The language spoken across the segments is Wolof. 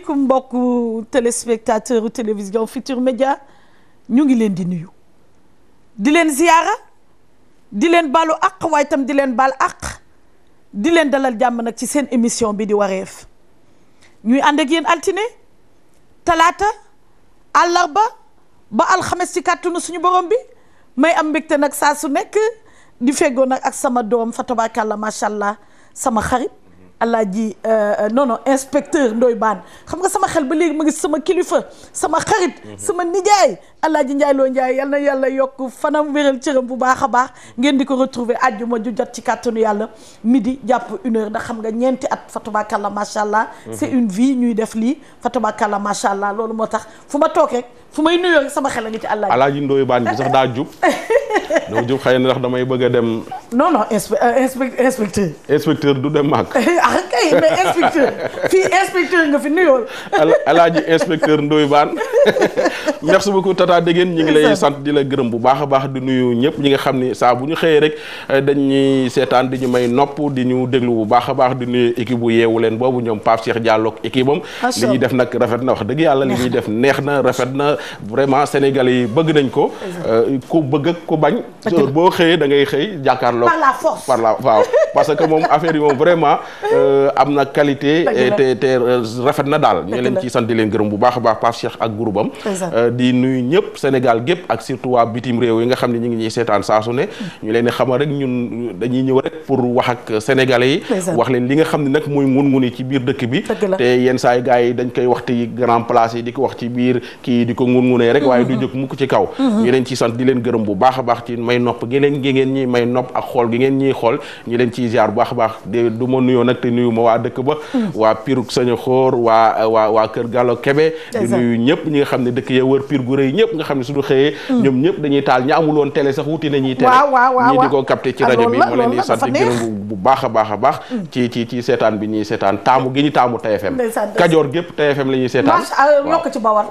asalaamaaleykum mbokku téléspectateur u télévision Futur Média ñu ngi leen di nuyu di leen ziyaara di leen baalu àq waaye itam di leen baal ak di leen dalal jàmm nag ci seen émission bi di wareef ñuy ànd ak yéen altine talaata àllarba ba alxames ci kàttanu suñu borom bi may am mbégte nag saa su nekk di fegoon nag ak sama doom fa tabaarakalla macha allah sama xarit. Alaaji euh, euh, non non inspecteur ndoy baan xam nga sama xel ba léegi ma ngi sama kilifa sama xarit. Mhm. sama nijaay Alaaji Njaay loo Njaay yal na yàlla yokk fanam wéral cëram bu baax a baax ngeen di ko retrouver àjjuma ju jot ci kàttanu yàlla midi jàpp une heure ndax xam nga ñeenti at Fatabakalla macha allah. Mhm. c'est une vie ñuy def lii Fatabakalla macha allah loolu moo tax fu ma toog fu may nuyoo sama xel a ci àllaaji àllaaji ndooyu baan bi sax daa jub dama jub xëy na ndax damay bëgg a dem non non euh, inspecteur inspecteur du dem màgg ah kay mais inspecteur fii inspecteur nga fi nuyool àllaaji inspecteur ndooyu baan merci beaucoup tata Degene ñi ngi lay sant di la gërëm bu baax a baax di nuyu ñëpp ñi nga xam ni saa bu ñu xëyee rek euh, dañuy seetaan di ñu may nopp di ñu déglu bu baax a baax di nuyu équipe bu yeewu leen boobu ñoom Pape Cheikh Diallo ak équipe li ñuy def nag rafet na wax dëgg yàlla li ñuy def neex na rafet na vraiment sénégalais yi bëgg nañ ko. Euh, ku bëgg ak ku bañ. boo xëyee da ngay xëy jàkkaarloo. par la force par la parce que moom affaire yi moom vraiment euh, am na qualité. te te euh, rafet na daal. ñu leen ci sant di leen gërëm bu baax a baax Pape Cheikh ak groupam di nuyu ñëpp Sénégal gépp ak surtout waa bitim réew yi nga xam ne ñu ngi ñuy seetaan saa su ne. ñu leen di xamal rek ñun dañuy ñëw rek yi. wax leen li nga xam ne nag mooy ngun-ngun yi ci biir dëkk bi. te yenn saa yi yi dañ koy wax grand place yi di ko wax ci biir kii di ko ngun-ngunee rek waaye du mhm. jóg mukk ci kaw mhm. ñu leen ciy sant di leen a baax ci may nopp gi leen gi ngeen ñi may nopp ak xool gi ngeen ñiy xool ñu leen ciy ziar bu baax a baax ma nuyoo nag te nuyu ma waa dëkk ba mhm. waa Piruk waa waa waa Kër Gallo Kebe ñëpp ñi nga xam ne dëkk ya wër Pire gu rëy ñëpp nga xam ne suñu xëyee ñoom ñëpp dañuy taal ñi amul woon sax wuti nañuy télé ñi di ko capté ci ah, rajo bi ma leen di sant gërëm bu baax a baax a baax mm. ci ci ci seetaan bi ñuy seetaan taamu gi ñu taamu TFM kajoor gépp TFM la ñuy seetaan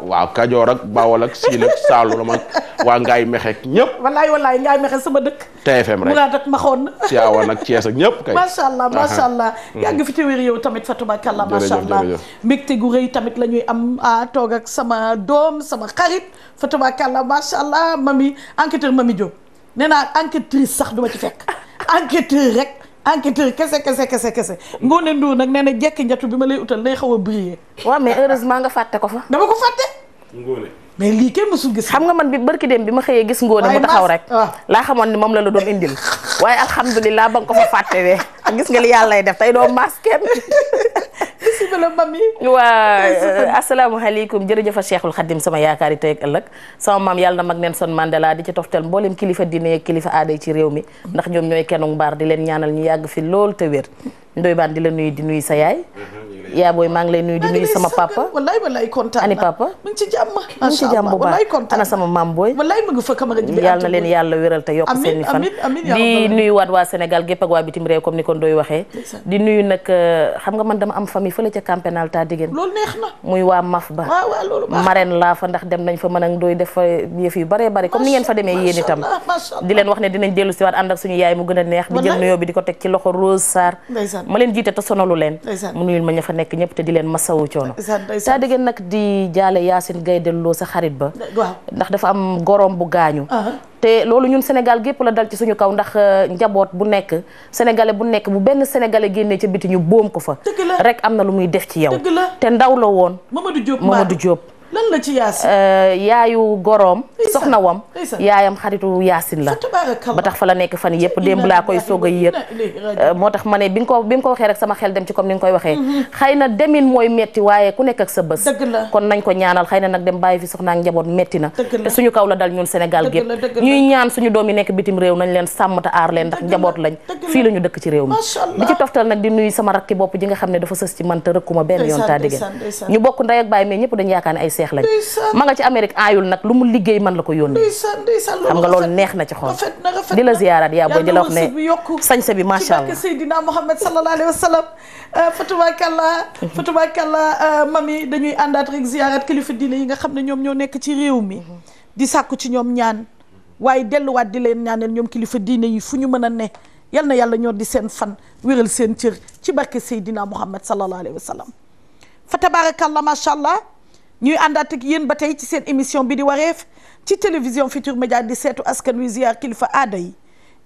waaw kajoor Bawol ak Siin ak Saalum ak waa Ngaay Mexek ñëpp. wallaay wallaay Ngaay Mexek sama dëkk. TFM rek Mourad ak Maxoon. Tiwaawan ak Thiès ak ñëpp kay. macha allah macha allah. Hmm. yàgg fi te wér yow tamit Fatou Bakalla macha allah. mbégte gu tamit la ñuy am ah, toog ak sama doom sama xarit Fatou Bakalla macha allah mami enquêteur mami Diop nee naa enquêtrice sax duma ci fekk enquêteur rek. enquêteur kese kese kese kese Ngoné Ndour nag nee na jekki njatu bi ma lay utal nay xaw a briller. waaw mais heureusement nga fàtte ko fa. dama ko fàtte. ngóone mais lii kenn mësul gis xam nga man bi barki dem bi ma xëyee gis ngóone mu taxaw rek laa xamoon ni moom la la doon indil waaye alhamdulilah ba nga ko fa fàttewee gis nga li yàlla lay def tey doo maas kenn bisimilah mami. waa euh, euh, asalaamaaleykum jërëjëfa Cheikhul Khadim sama yaakaar yi te ak ëllëg sama maam yàlla na mag neen son Mandela di ci toftal mboolem kilifa diine ak kilifa aaday ci réew mi ndax ñoom ñooy kennu mbaar di leen ñaanal ñu yàgg fi loolu te wér. Ndoy Baan di la nuyu di nuyu sa yaay. Mm-hmm, yaa booy maa ngi lay nuyu di sama papa. wallaay wallaay kontaan ani papa. mu ngi ci jàmm mu baax ana sama maam booy. wallaay mu ngi fa kama na leen yàlla wéral te yokk seen i fan di nuyu waat waa Sénégal gépp ak waa bitim réew comme ni ko Ndoy waxee. di nuyu nag euh, xam nga man dama am famille fële ca campénal ta diggéen loolu neex na fa nañ fa mën ak doy def fa yu bare bare comme ngeen fa demee yéen itam di leen wax ne dinañ dellu si waat ànd ak suñu yaay mu gën a neex di jël nuyoo bi di ko teg ci loxo Rose Sarr ma leen jiite te sonalu leen mu nuyul ma ña fa nekk ñëpp te di leen masawu coono ta diggéen nag di jaale Yacine Gaye delloo sa xarit ba ndax dafa am gorom bu gaañu ah. te loolu ñun Sénégal gépp la dal ci suñu kaw ndax euh, njaboot bu nekk sénégalais bu nekk bu benn sénégalais génnee ca biti ñu boom ko fa rek am na lu muy def ci yow. dëgg te ndaw la woon. Mamadou Diop Mamadou Diop. lan la ci yaasin. Euh, yaayu goroom. soxna wam yaayam xaritu yaasin la. ba tax fa la nekk fan yëpp démb laa koy soog a yëg. Euh, moo tax ma ne bi nga ko bi nga waxee rek sama xel dem ci comme ni nga koy waxee. Mhm. xëy na demin mooy metti waaye ku nekk ak sa bës. kon nañ ko ñaanal xëy na nag dem bàyyi fi soxna ak njaboot metti na. te suñu kaw la dal ñun Sénégal gépp ñuy ñaan suñu doom yi nekk bitim réew nañ leen sàmm te aar leen ndax njaboot lañ. fii la ñu dëkk ci réew mi di ci toftal nag di nuyu sama rakki bopp ji nga xam ne dafa sës ci man te rëkkuma benn yoon taa digge ñu bokk ndey ak baay mais ñëpp dañu yaakaar ne ay seex lañ ma nga ci Amérique aayul nag lu mu liggéey man la ko yónni xam nga loolu neex na ci xool di la ziyaaraat yaa booy di la wax ne sañse bi macha allah Seydina Muhammad sallallahu alayhi euh, euh, mami dañuy àndaat rek ziyaaraat kilifa diine yi nga xam ne ñoom ñoo nekk ci réew mi mhm. di sàkku ci ñoom ñaan waaye delluwaat di leen ñaanal ñoom kilifa diine yi fu ñu mën a ne yal na yàlla ñor di seen fan wéral seen cër ci barke Seydina Muhammad sallallahu alayhi wa sallam fa tabarakallah macha allah ñuy àndaat ak yéen ba tey ci seen émission bi di wareef ci télévision Futur Média di seetu askan wi ziar kilifa aada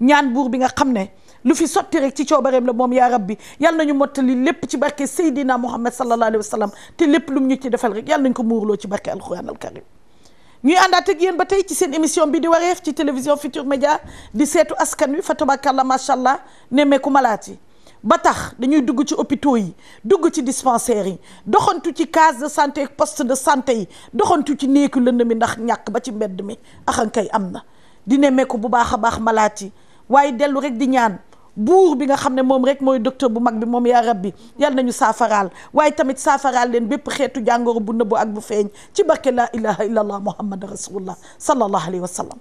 ñaan buur bi nga xam ne lu fi sotti rek ci coobareem la moom yaa rabbi yal nañu mottali lépp ci barke Seydina Muhammad sallallahu alayhi wa sallam te lépp lu mu ñu ci defal rek yal nañ ko muurloo ci barke alquran al karim ñuy àndaat ak yéen ba tey ci seen émission bi di wareef ci télévision Futur Média di seetu askan wi fa tabarakallah macha allah nemmeeku malaat yi ba tax dañuy dugg ci hôpitaux yi dugg ci dispensaires yi doxantu ci case de santé poste de santé yi doxantu ci néeku lënd mi ndax ñàkk ba ci mbedd mi axankay am na di nemmeeku bu baax a baax malaat yi waaye dellu rek di ñaan buur bi nga xam ne moom rek mooy docteur bu mag bi moom yaa rabbi yal nañu saafaraal waaye tamit saafaraal leen bépp xeetu jàngoro bu nëbbu ak bu feeñ ci barke laa ilaha illallah muhammad rasulullah sallallahu alayhi wa sallam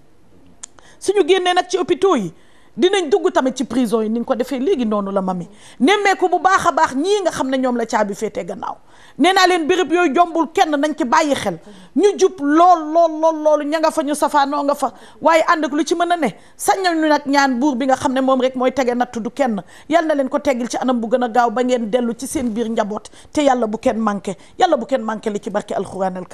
suñu génnee nag ci hôpitaux yi dinañ dugg tamit ci prison yi ni nga ko defee léegi noonu la mami nemmee ko bu baax a baax ñii nga xam ne ñoom la caabi féetee gannaaw nee naa leen béréb yooyu jombul kenn nañ ci bàyyi xel ñu jub lool lool lool loolu ña nga fa ñu safaanoo nga fa waaye ànd ak lu ci mën a ne sañ sañal ñu nag ñaan buur bi nga xam ne moom rek mooy tege natt du kenn yal na leen ko teggil ci anam bu gën a gaaw ba ngeen dellu ci seen biir njaboot te yàlla bu kenn manqué yàlla bu kenn manqué li ci barke alquran al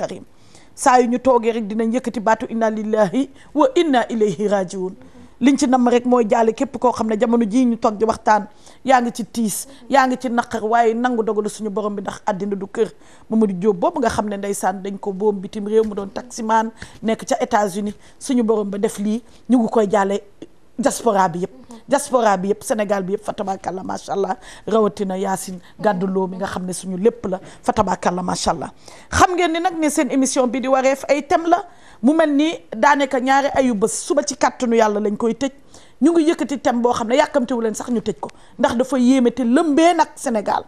saa yu ñu toogee rek dinañ yëkkati baatu inna lillahi wa inna ilayhi rajiun liñ ci namm rek mooy jaale képp koo xam ne jamono jii ñu toog waxtaan yaa ngi ci tiis yaa ngi ci naqar waaye nangu dogalu suñu borom bi ndax àddina du kër Mamadou Diop boobu nga xam ne ndeysaan dañ ko boom bitim réew mu doon maan nekk ca États-Unis suñu borom ba def lii ñu ngi koy jaale diaspora bi yëpp diaspora bi yëpp Sénégal bi yëpp fatabakalla macha allah rawatina Yacine gàdduloo mi nga xam ne suñu lépp la fatabakalla macha allah xam ngeen ni nag émission bi di wareef ay thème la mu mel ni daanaka ñaari ayu bës suba ci kàttanu yàlla lañ koy tëj ñu ngi yëkkati thème boo xam ne yàkkamtewu leen sax ñu tëj ko ndax dafa yéeme te lëmbee nag Sénégal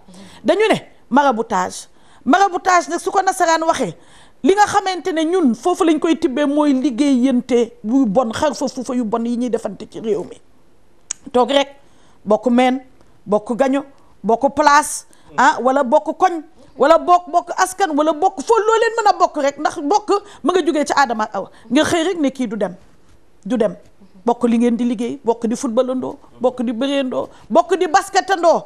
dañu ne maraboutage maraboutage nag su ko nasaraan waxee li nga xamante ne ñun foofu lañ koy tibbee mooy liggéey liggéeyante yu bon xar fa fuufa yu bon yi ñuy defante ci réew mi toog rek bokk meen bokk gaño bokk place ah wala bokk koñ wala bokk bokk askan wala bokk foo loo leen mën a bokk rek ndax bokk ma nga jógee ci aadama aw nga xëy rek ne kii du dem du dem bokk li ngeen di liggéey bokk di footballandoo bokk di bëreendoo bokk di basketandoo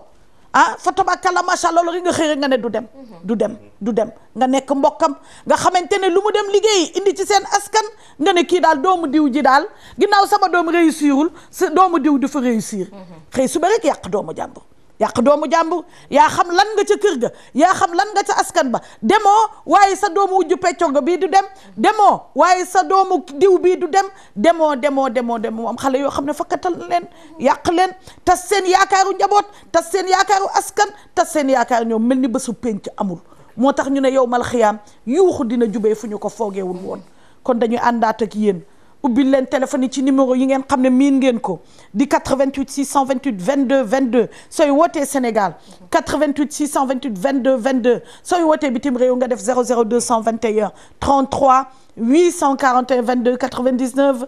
ah fa tabakala macha allah loolu rek nga xëy rek nga ne du dem du dem du dem nga nekk mbokkam nga xamante ne lu mu dem liggéey indi ci seen askan nga ne kii daal doomu diw ji daal ginnaaw sama doom réussirul sa doomu diw du fa réussir mhm. xëy suba rek yàq doomu jàmbur yàq doomu jàmbur yaa xam lan nga ca kër ga yaa xam lan nga ca askan ba demoo waaye sa doomu wujju pecconga bii du dem demoo waaye sa doomu diw bii du dem demoo demoo demoo demoo xale yoo xam ne fakkatal leen yàq leen tas seen yaakaaru njaboot tas seen yaakaaru askan tas seen yaakaar ñoom mel ni bésu penc amul moo tax ñu ne yow mal xiyaam yuuxu dina jubee fu ñu ko foogewul woon kon dañuy àndaat ak yéen ubbil leen téléphone yi ci numéro yi ngeen xam ne miin ngeen ko di 88 628 22 22 sooy wootee Sénégal 88 628 22 22 sooy wootee bitim réew nga def 00221 33 841 22 99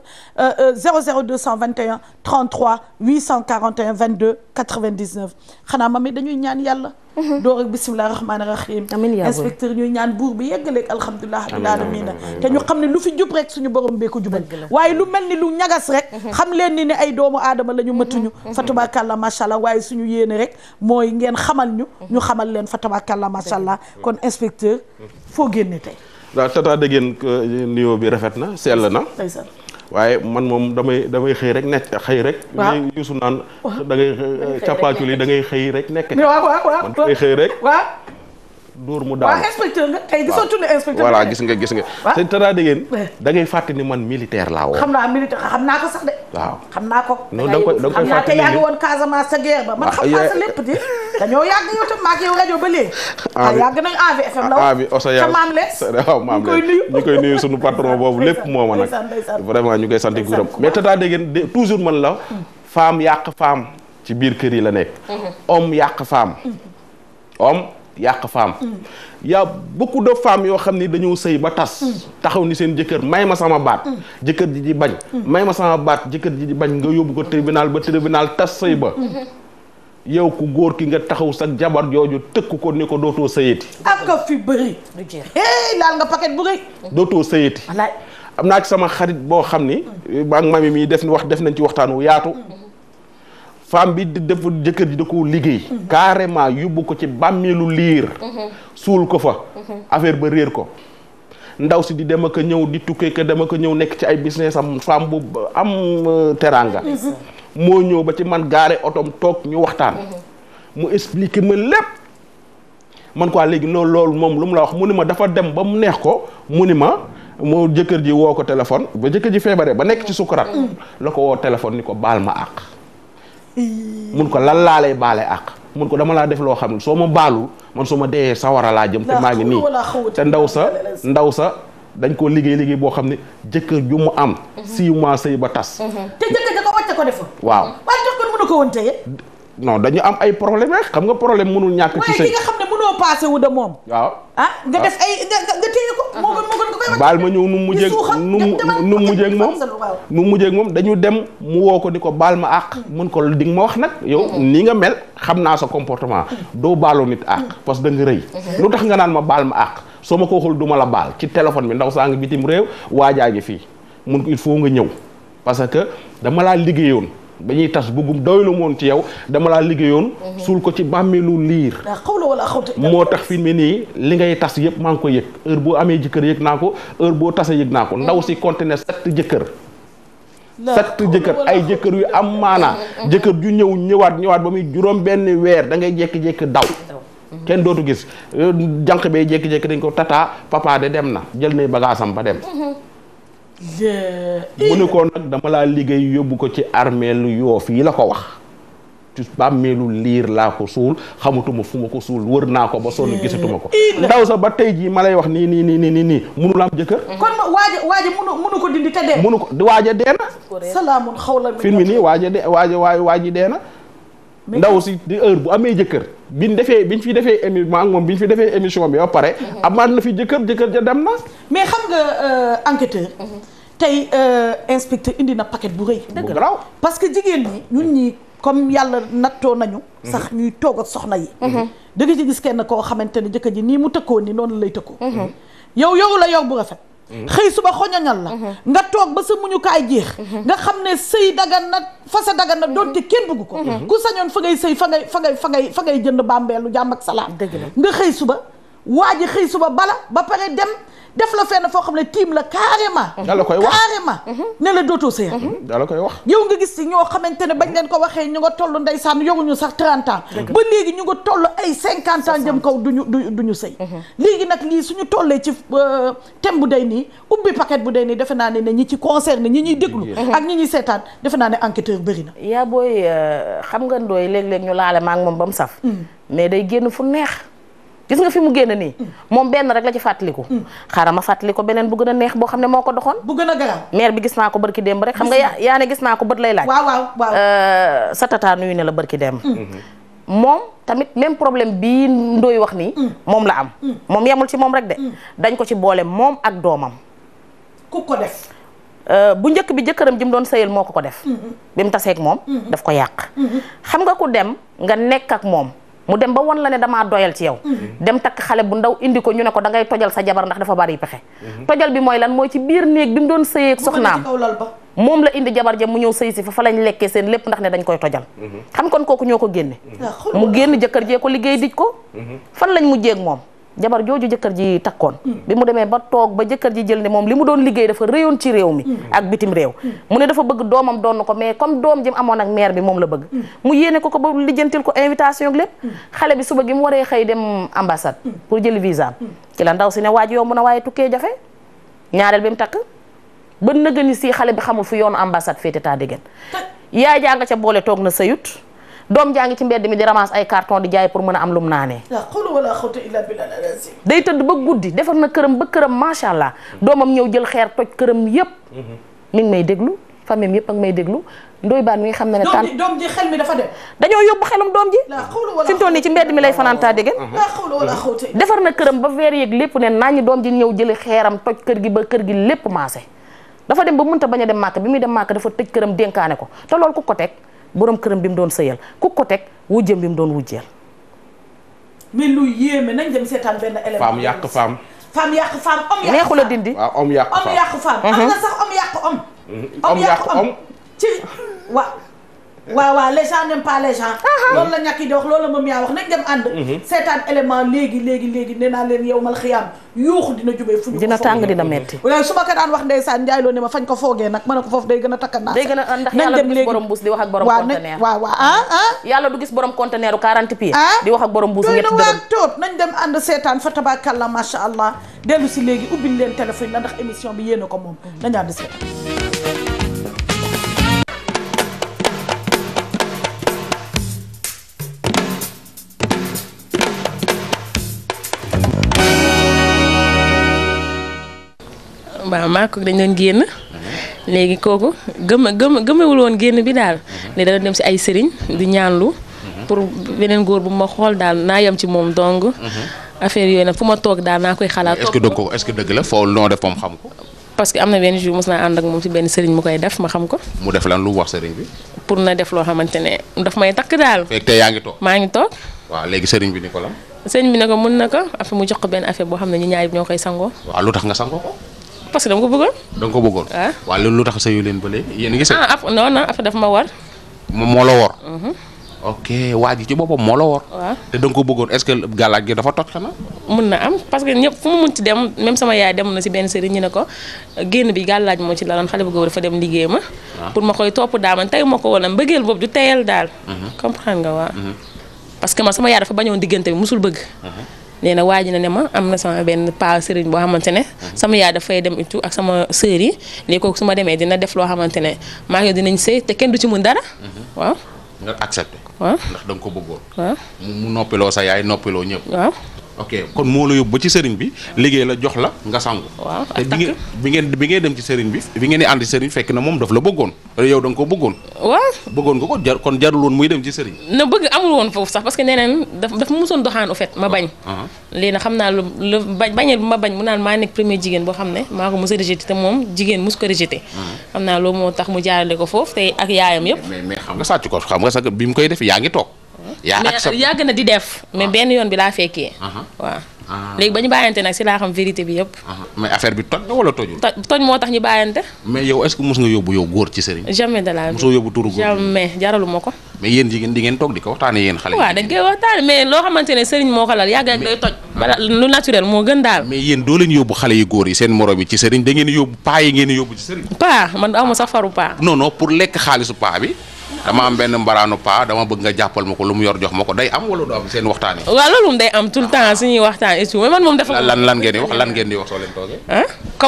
00 221 33 841 22 99 xanaa mami dañuy ñaan yàlla. door ak bisimilah rahmaani rahiim. inspecteur ñuy ñaan buur bi yegg yeggaleeg alhamdulilah rabbil aalamiina te ñu xam ne lu fi jub rek suñu borom bee ko jubal. waaye lu mel ni lu ñagas rek. xam leen ni ne ay doomu aadama lañu ñu mëtuñu. fa tabaarakalla macha allah waaye suñu yéene rek mooy ngeen xamal ñu. ñu xamal leen fa tabaarakalla macha allah kon inspecteur foo génne tey. waaw tata dégg ngeen nuyoo bi rafet na sell na. waaye man moom damay damay xëy rek nekk xëy rek. waaw li Youssou naan da ngay. da ngay xëy rek nekk. waaw waaw xëy rek. dóor mu daal waaw inspecteur nga tey gisatu ne inspecteur voilà gis nga gis nga sëñ Talla Degene da ngay ni man militaire laa woon xam naa ko sax de waaw xam naa ko non da nga koy da nga koy fàtte te yaa Casamance sa guerre ba man ah, xam naa sa lépp di dañoo yàgg yow tam maak yow rajo ah, ah, la ñu koy nuyu ñu patron boobu lépp moo ma nag vraiment ñu koy sant gërëm mais Talla Degene toujours man la hmm. femme yàq femme ci biir kër yi la nekk hmm. homme yàq femme hmm. homme yàq femme y'a beaucoup de femmes yoo xam ni dañoo sëy ba tas mm. taxaw ni seen jëkkër may ma sama baat mm. jëkkër ji di bañ mm. may ma sama baat jëkkër ji bañ nga yóbbu ko tribunal ba tribunal tas sëy ba yow ku góor ki nga taxaw sax jabar jooju tëkk ko ni ko dootoo sëyati aka fi bëri du jeex hey laal nga paquet bu dootoo sëyati am naa ci sama xarit boo xam ni maa ngi mami mii def wax def nañ ci waxtaan wu yaatu femme bi dafa jëkkër ji da ko liggéey carrément yóbbu ko ci bàmmeelu liir suul ko fa affaire ba réer ko ndaw si di dem ak ñëw di tukkee ka dem ak ñëw nekk ci ay business am femme bu am euh, teraanga moo ñëw ba ci man gaare otom toog ñu waxtaan mu expliquer ma lépp man quoi léegi loolu moom lu mu la wax mu ni ma dafa dem ba mu neex ko mu ni ma moo jëkkër ji woo ko téléphone ba jëkkër ji feebaree ba nekk ci sukaraat la ko woo téléphone ni ko baal ma àq mun ko lan laa lay baale àq mun ko dama laa def loo xam ne soo ma baalul man su ma dee sawara laa jëm te maa ngi nii te ndaw sa ndaw sa dañ koo liggéey liggéey boo xam ne jëkkër ju mu am mhm. six mois sëy ba tas mhm. te waaw non dañu am ay problème rek eh? xam nga problème mënul ñàkk. ci sa waaye ki nga wu de waaw ah nga baal ma ñëw nu mu mujjee nu mu mujjee moom nu mu mujjee moom dañu dem mu woo ko ni ko baal ma àq. mën ko di ma wax nag. yow nii nga mel xam naa sa comportement. doo baaloo nit àq parce que da nga rëy. lu tax nga naan ma baal ma àq soo ma ko waxul duma la baal ci téléphone bi ndaw saa ngi bitim réew waajaa ngi fii mun ko il faut nga ñëw parce que dama laa liggéeyoon ba ñuy tas bëggum doylu moon ci yow dama laa liggéeyoon. Mhm. suul ko ci bàmmeelu liir. moo tax fi mu nii li ngay tas yëpp maa ngi ko yëg heure boo amee jëkkër yëg naa ko heure boo tasee yëg naa ko ndaw si contené sept jëkkër. sett jëkkër ay jëkkër yu am maanaa jëkkër ju ñëw ñëwaat ñëwaat ba muy juróom benn weer da ngay jékki-jékki daw mhm. kenn dootu gis janq bee jékki-jékki dañ ko tata papa de dem na jël nay bagaasam ba dem mhm. Eh. mu ne ko nag dama laa liggéey yóbbu ko ci armeelu yoof yi la ko wax ci bàmmeelu liir laa ko suul xamatuma fu ma ko suul wër naa ko ba sonn hmm. gisatuma ko ndaw sa ba tey jii ma lay wax nii nii nii nii nii nii munul am jëkkër kon waaja waaja munu munu ko dindi te dee munu ko waaja dee na salaamun xawla film nii waaja dee waaja waay waaji dee na ndaw si di heure bu amee jëkkër biñ defee biñ fi defee émi maa ngi moom biñ fi defee émission bi ba pare. Mhm. amaat na fi jëkkër jëkkër ja dem na. mais xam nga euh, enquêteur. Mhm. tey euh, inspecteur indi na paquet bu rëy. dëgg la parce que jigéen ñi ñu ñi comme yàlla nattoo nañu. Mhm. sax ñuy toog ak soxna yi. dëgg ci gis kenn koo xamante ne jëkkër ji nii mu tëkkoon ni noonu lay tëkkoo. yow yow la yow bu rafet. Mm-hmm. xëy suba xoñoñal la mm-hmm. nga toog ba sa muñukaay jeex mm-hmm. nga xam ne sëy dagan na fase dagan na doonte kenn bëgg ko ku sañoon fa ngay sëy fa ngay fa ngay fa ngay fa ngay jënd bàmbeelu jàmm ak salaam nga xëy suba waa ji xëy suba bala ba pare dem def la fenn foo xam ne tiim la carrément. dala koy wax carrément. Mhm. ne la dootoo sëy. Mhm. Mhm. dala koy wax. yow nga gis ci ñoo xamante ne bañ leen ko waxee ñu nga toll ndeysaan yoruñu sax 30 ans. ba léegi ñu nga toll ay 50 ans jëm kaw duñu du duñu sëy. léegi nag lii suñu tollee ci euh, thème bu dey nii ubbi paquet bu day nii defe naa ne ne ñi ci concerné ñi ñuy déglu. ak ñi ñuy seetaan defe naa ne enquêteur bëri na. yaa booy euh, xam nga ndooy léeg-léeg ñu laale maa ngi moom ba mu saf. Hmm. mais day génn fu neex. gis nga fi mu génn nii moom benn rek la ci fàttaliku mm. xaaral ma fàttaliku beneen bu gën a neex boo xam ne moo ko doxoon bu gën a garaaw maire bi gis naa ko barki démb rek xam nga yaa ne gis naa ko bët lay laaj waaw waaw euh, sa tata ne la barki démb mm. mm-hmm. moom tamit même problème bi ndooy wax nii mm. moom la am moom yemul ci moom rek de dañ ko ci boole moom ak doomam ku ko def euh, bu njëkk bi jëkkëram ji mu doon sëyal moo ko ko def mm-hmm. bi mu taseek moom mm-hmm. daf ko yàq xam nga ku dem nga nekk ak moom mu dem ba won la ne damaa doyal ci yow dem takk xale bu ndaw indi ko ñu ne ko dangay tojal sa jabar ndax dafa bari pexe tojal bi mooy lan mooy ci biir néeg bi mu doon sëyeeg soxnaam moom la indi jabar ja mu ñëw sëy si fa fa lañ lekkee seen lépp ndax ne dañ koy tojal mhm. xam kon kooku ñoo ko génne mu génn jëkkër jee ko liggéey dij ko mhm. fan lañ mu ak moom jabar jooju jëkkër ji takkoon bi mu demee ba toog ba jëkkër ji jël ne moom li mu doon liggéey dafa réyoon ci réew mi ak bitim réew mu ne dafa bëgg doomam doon na ko mais comme doom jëm amoon ak mère bi moom la mu yéene ko ko ba lijjantil ko invitation ak lépp xale bi suba gi mu waree xëy dem ambassade pour jëli visa ci la ndaw si ne waaj yomb na waaye tukkee jafe ñaareel bi mu takk ba nëgëni si xale bi xamul fu yoonu ambassade féete taa déggan yaay jaa nga ca boole toog na sëyut doom jaa ngi ci mbedd mi di ramasse ay carton di jaay pour mën a am lum naanee day tëdd ba guddi defar na këram ba këram macha allah doomam ñëw jël xeer toj këram yépp mi ngi may déglu famille yépp ak may déglu ndoy baan mi xam ne ne tànn doom ji xel mi dañoo yóbbu xelum doom ji fi mu ci mbedd mi lay fanaan taa dégg na këram ba veer yéeg lépp ne nañu doom ji ñëw jëli xeeram toj kër gi ba kër gi lépp maase dafa dem ba munta bañ a dem màkk bi muy dem màkk dafa tëj këram denkaane ko te lool ku ko teg boroom këram bi mu doon sëyal ku ko teg wujjam bi mu doon wujjeel. mais lu yéeme nañ dem seetaan benn élément. femme yàq femme. femme yàq femme homme yàq neexu la dindi. waaw homme yàq femme homme yàq femme. am mhm. na sax homme yàq homme. Mhm. homme yàq homme ci waaw. waaw waaw les gens n'aiment pas les gens uh-huh. loolu la ñàkk di wax loolu la moom yaa wax nañ dem ànd uh-huh. seetaan élément léegi léegi léegi nee leen yow mal xiyaam yuuxu dina jubee fu ñu dina tàng foofu day gën a takka naa day gën a ndax yàlla du gis borom buus di wax ak borom conteneur waaw waaw ah ah yàlla du gis borom conteneur 40 pieds ah di wax ak borom buus ñetti dërëm toot nañ dem ànd seetaan fa tabaakallah masha allah dellu si léegi ubbil leen téléphone la ndax émission bi yéen a ko moom waaw maa ko dañ doon génn. léegi kooku gëm gëm gëmewul woon génn bi daal. léegi da doon dem si ay sëriñ di ñaan lu pour beneen góor bu ma xool daal naa yem ci moom dong. affaire yooyu nag fu toog daal naa koy xalaat. est que dëgg la foo noo def moom ko. parce que am na benn jour moom ci benn sëriñ mu koy def ma xam ko. mu def lan lu wax sëriñ pour na def loo xamante ne daf may takk daal. fekk tey maa ngi toog. waaw léegi sëriñ bi ni ko la. sëriñ bi ne ko na ko affaire mu jox ko benn affaire boo xam ne ñu ñaar ñoo koy sangoo. waaw lu tax nga sangoo ko. parce que dama ko bëggoon. danga ko bëggoon. Ah. waaw waaw loolu lu tax sëyu leen bële yéen a ngi. ah af non non ma war. moom moo la war. Mhm. ok waa ji ci boppam moo la war. waaw te da nga ko bëggoon est-ce que gàllaaj gi dafa toj xanaa. mun na am parce que ñëpp fu mu mun ci dem même sama yaay dem na si benn sëriñ ñu ne ko génn bi gàllaaj moo ci laloon xale bu góor dafa dem liggéey ma. Ah. pour ma koy topp daa man tey ma ko wala mbëggeel boobu du teyal daal. Mhm. comprendre nga waaw. Mhm. parce que man sama yaay dafa bañoon diggante bi bëgg. nee na waaj na ne ma am na sama benn pa sëriñ boo xamante ne sama yaay dafay dem itu ak sama sœur yi kooku su ma demee dina def loo xamante ne maa ngi dinañ sëy te kenn du ci mun dara mm-hmm. waaw nga accepté waaw ndax da nga ko bëggoon waaw mu noppiloo sa yaay noppiloo ñëpp waaw ok kon moo la yóbbu ba ci sëriñ bi liggéey la jox la nga sangu te bi ngeen bi ngeen bi ngeen dem ci sëriñ bi bi ngeen di ànd ci sëriñ fekk na moom daf la bëggoon yow da nga ko bëggoon waaw bëggoon nga ko jar kon jarul woon muy dem ci sëriñ na bëgg amul woon foofu sax parce que nee neen daf dafa mosoon doxaan au fait ma bañ ah, ah. lii xam naa lu lu bañ ma bañ mu naan maa nekk premier jigéen boo xam ne maa ko mos a rejeté te moom jigéen mos ko rejeté ah. xam naa loolu moo tax mu jaarale ko foofu te ak yaayam yëpp mais mais xam nga sàcc bi mu koy def yaa ngi toog yaa ak yàgg na di def. mais benn yoon bi laa fekkee. waaw ah. léegi ba ñu bàyyante nag si laa xam vérité bi yëpp. mais affaire bi toj moo tax ñu bàyyante. mais yow est-ce que mos nga yóbbu yow góor ci sëriñ. jamais de jamais jaralu ma ko. mais yéen jigéen di ngeen toog di ko waxtaanee yéen xale. waaw dañ koy waxtaanee mais ne sëriñ moo toj. lu naturel moo gën daal. mais yéen doo leen yóbbu xale yu góor yi seen morom yi ci sëriñ da ngeen yóbbu paa yi ngeen yóbbu ci sëriñ. paa man aw ma pour lekk xaalisu paa bi dama am benn mbaraanu paa dama bëgg nga jàppal ma ko lu mu yor jox ma ko day am wala du am seen waxtaan yi. waaw loolu moom day am tout le temps suñuy waxtaan et tout man moom dafa. ko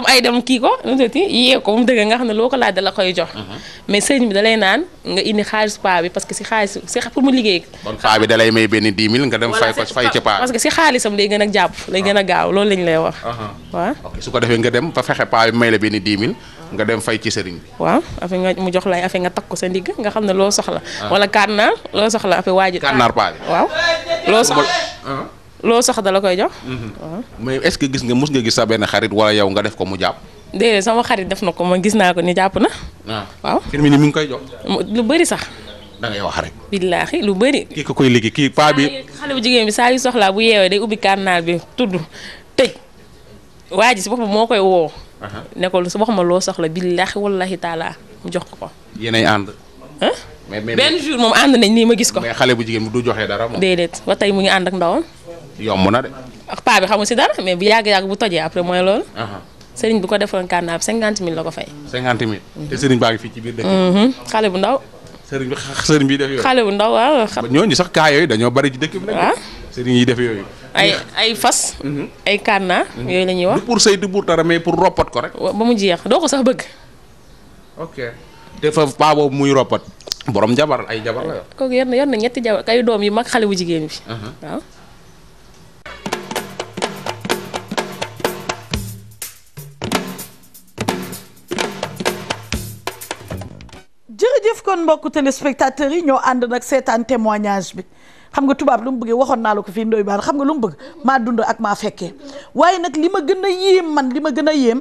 yee ko mu dëgg nga xam ne loo ko laaj da koy jox. Mhm. mais sëñ bi da naan nga indi xaalis paa bi parce que si xaalis lay gën a jàpp. lay gën a ah. gaaw loolu lañ lay wax. Ah. waaw su ko defee nga dem ba fexe paa bi may la benn 10 nga dem fay ci sëriñ bi. waaw affaire nga mu jox lay affaire nga takk ko sa ndigg nga xam ne loo soxla. Ah. wala kànnaar loo soxla affaire waajur. kànnaar paa bi waaw. loo soxla loo soxla ah. la koy jox. Mhm. waaw mais est-ce que gis nga mus nga gis sa benn xarit wala yow nga def ko mu jàpp. déedéet sama xarit def na ko ma gis naa ko ni jàpp na. Ah. waaw firme ni mi ngi koy jox. lu bëri sax. dangay wax rek. billaahi lu bëri. kii koy liggéey kii paa bi. xale bu jigéen bi saa yu soxlaa bu yeewee day ubbi kànnaar bi tudd tëj waa ji moo koy woo ne ko su waxuma loo soxla billaahi wallaahi taala mu jox ko ko. yéenay ànd. mais benn jour moom ànd nañ nii ma gis ko. mais xale bu jigéen bi du joxee dara moom. déedéet ba tey mu ngi ànd ak ndawam. yomb na de. ak paa bi xamul si dara mais bu yàgg yàgg bu tojee après mooy loolu. sëriñ bi ko defoon kànnaab cinquante mille la ko fay. cinquante mille. Mhm. te sëriñ baa fii ci biir dëkk. Mhm. xale bu ndaw. sëriñ bi bi def yooyu. xale bu ndaw waaw. ñooñu sax kaa yooyu dañoo bari ci dëkk bi. sëriñ yi def yooyu. ay ay fas. Mhm. ay kànnaa. Mhm. yooyu la ñuy wax du pour sëy du pour dara mais pour roppat ko rek. ba mu jeex doo ko sax bëgg. ok te fa paa muy roppat. borom jabar ay jabar la yor. kooku yor na yor ñetti jabar kay doom yi mag xale bu jigéen bi. Mhm. waaw. jërëjëf kon mbokku téléspectateurs yi ñoo ànd nag seetaan témoignage bi xam nga tubaab lu mu bëggee waxoon naa la ko fii ndoy baan xam nga lu mu bëgg maa dund ak maa fekkee waaye nag li ma gën a yéem man li ma gën a yéem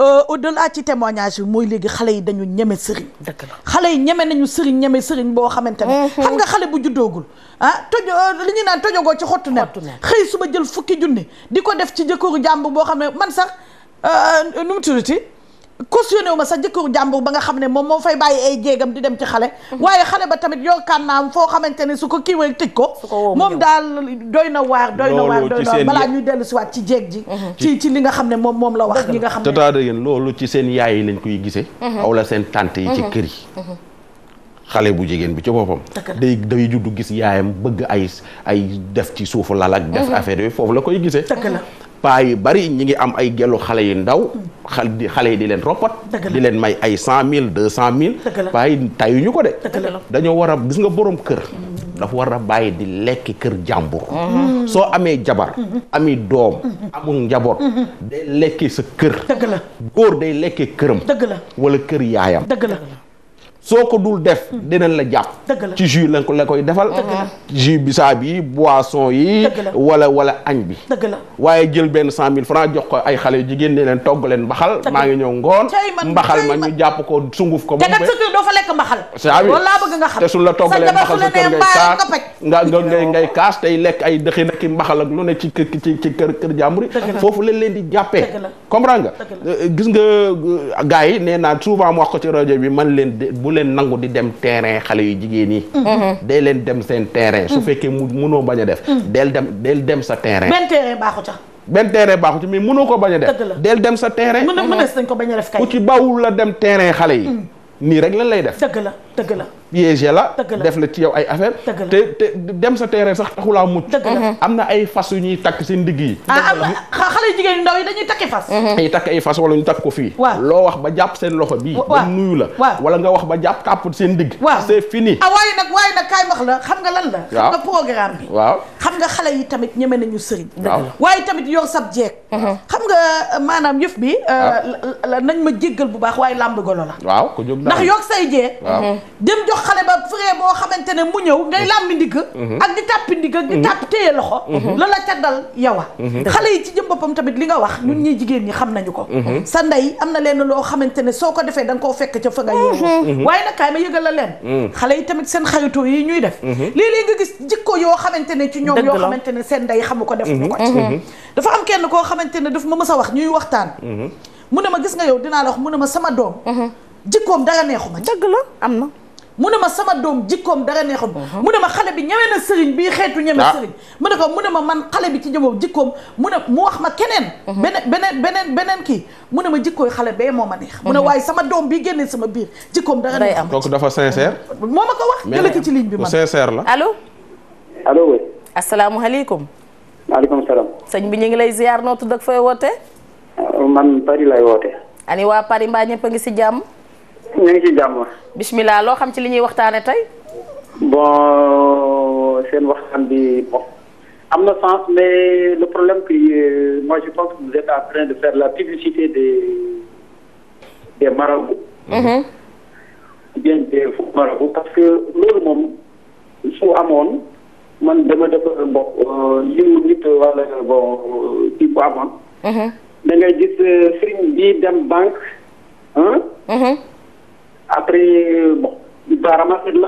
euh, au delà ci témoignage bi mooy léegi xale yi dañu ñeme sëriñ xale yi ñeme nañu sëriñ ñeme sëriñ boo xamante ne mm-hmm. xam nga xale bu juddoogul ah toj euh, li ñuy naan tojogoo ci xottu nen xëy su ma jël fukki junni di ko def ci jëkkëru jàmb boo xam ne man sax euh, nu mu cautionné wu ma sa jëkkëru jàmbur ba nga xam ne moom moo fay bàyyi ay jéegam di dem ci xale mhm. waaye xale ba tamit yor kànnaam foo xamante ne su ko kiiwee tëj ko moom daal doy na waar doy na waar doy na waar balaa ñuy dellu siwaat ci jéeg ji mhm. ci li nga xam ne moom moom la wax ñi nga xam ne tata dëggeen loolu ci seen yaay yi lañ koy gisee mhm. aw la seen tante yi ci kër yi xale bu jigéen bi ci boppam day day juddu gis yaayam bëgg ay ay def ci suufu lal ak def affaire yooyu foofu la koy gisee paa yu bari ñi ngi am ay gelu xale yu ndaw xal di xale yi di leen roppat di leen may ay cent mille deux cent mille paa yi ñu ko de dañoo war a gis nga borom kër dafa war a bàyyi di lekk kër jàmbur soo amee jabar ami doom amul njaboot day lekki sa kër góor day lekki këram wala kër yaayam soo ko dul def hmm. dinañ la jàpp ci jus lañ ko la koy defal jus bisaab yi boisson yi wala wala añ bi waaye jël benn cent mille francs jox ko ay xale yu jigéen ne leen togg leen mbaxal maa ngi ñëw ngoon mbaxal ma ñu jàpp ko sunguf ko te nag surtout doo fa te suñ la toggalee mbaxal sa kër ngay kaas nga nga ngay ngay kaas tey lekk ay dëxi naki mbaxal ak lu ne ci kër ci ci kër kër jàmbur foofu leen leen di jàppee comprendre nga euh, gis nga euh, gars yi nee naa souvent mu ko ci rajo bi man leen leen nangu di dem terrain xale yu jigéen yi mm-hmm. mm-hmm. day leen dem seen terrain su mm-hmm. fekkee mu mënoo bañ a def del dem del dem sa terrain benn terrain baaxu ca benn terrain baaxu mënoo ko bañ a def del dem sa terrain mën na mën dañ ko bañ a def kay ku ci bawul la dem terrain xale yi nii rek lan lay def dëgg la piégé la def la ci yow ay affaire te dem sa terrain sax taxulaa mucc uh-huh. am na ay fas yu ñuy takk seen digg yi ah, xale ndaw yi dañuy takki fas uh-huh. dañuy takk ay fas wala ñu ko fii loo wax ba jàpp seen loxo bii ba nuyu wala nga wax ba jàpp kàpp seen digg waaw c'est fini ah waaye la xam nga lan la xam bi waaw xam nga xale yi tamit ñeme nañu sëriñ waaye tamit yor sab jeeg uh-huh. xam nga euh, maanaam yëf bi euh, nañ ma jéggal bu baax waaye làmb golo la ndax yoog say jeeg dem jox xale ba frère boo xamante ne mu ñëw ngay làmbi ndigg mhm. ak di tàppi ndigg ak di mhm. tàpp téye loxo loola mhm. ca dal yowa xale yi ci jëm boppam tamit li nga wax ñun ñuy jigéen ñi xam nañu ko sa ndey am na leen loo xamante ne soo ko defee da koo fekk ca fa nga yéewu waaye nag kaay ma yëgal la leen xale yi tamit seen xaritoo yi ñuy def léeg-léeg nga gis jikko yoo xamante ne ci ñoom yoo xamante ne seen ndey xamu ko def ñu ko ci dafa am kenn koo xamante ne daf ma mës a wax ñuy waxtaan mu ne ma gis nga yow dinaa la wax mu ne sama doom jikkoom dara neexuma ci. dëgg la am na. mu ne ma sama doom jikkoom dara neexum mhm. mu ne ma xale bi ñeme na sëriñ bii xeetu ñeme ah. sëriñ mu ne ko mu ne ma man xale bi ci jëmoom jikkoom mu ne ma keneen mhm. beneen beneen beneen kii mu ne ma jikkooy xale bee moo ma neex mu ne mhm. waaye sama doom bii génnee sama biir jikkoom dara neexum donc dafa sincère moo ma ko wax jële ko ci ligne bi man sincère la allo allo oui asalaamualeykum maaleykum salaam sëñ bi ñu ngi lay ziar noo tudd ak fooy woote uh, man Paris lay woote ani waa Paris mbaa ñëpp a ngi si jàmm ñu ngi ci jàmm. bismillah loo xam ci li ñuy waxtaane tey. bon seen waxtaan bi bon am na sens mais le problème que euh, moi je pense que vous en train de faire la publicité des des marabouts. Mm-hmm. bien des faux marabouts parce que loolu moom su amoon man dama def euh, bon euh, limu nit wala bon kii amoon. Mm-hmm. da ngay gis sëriñ bi dem banque ah. après bon il va ramasser de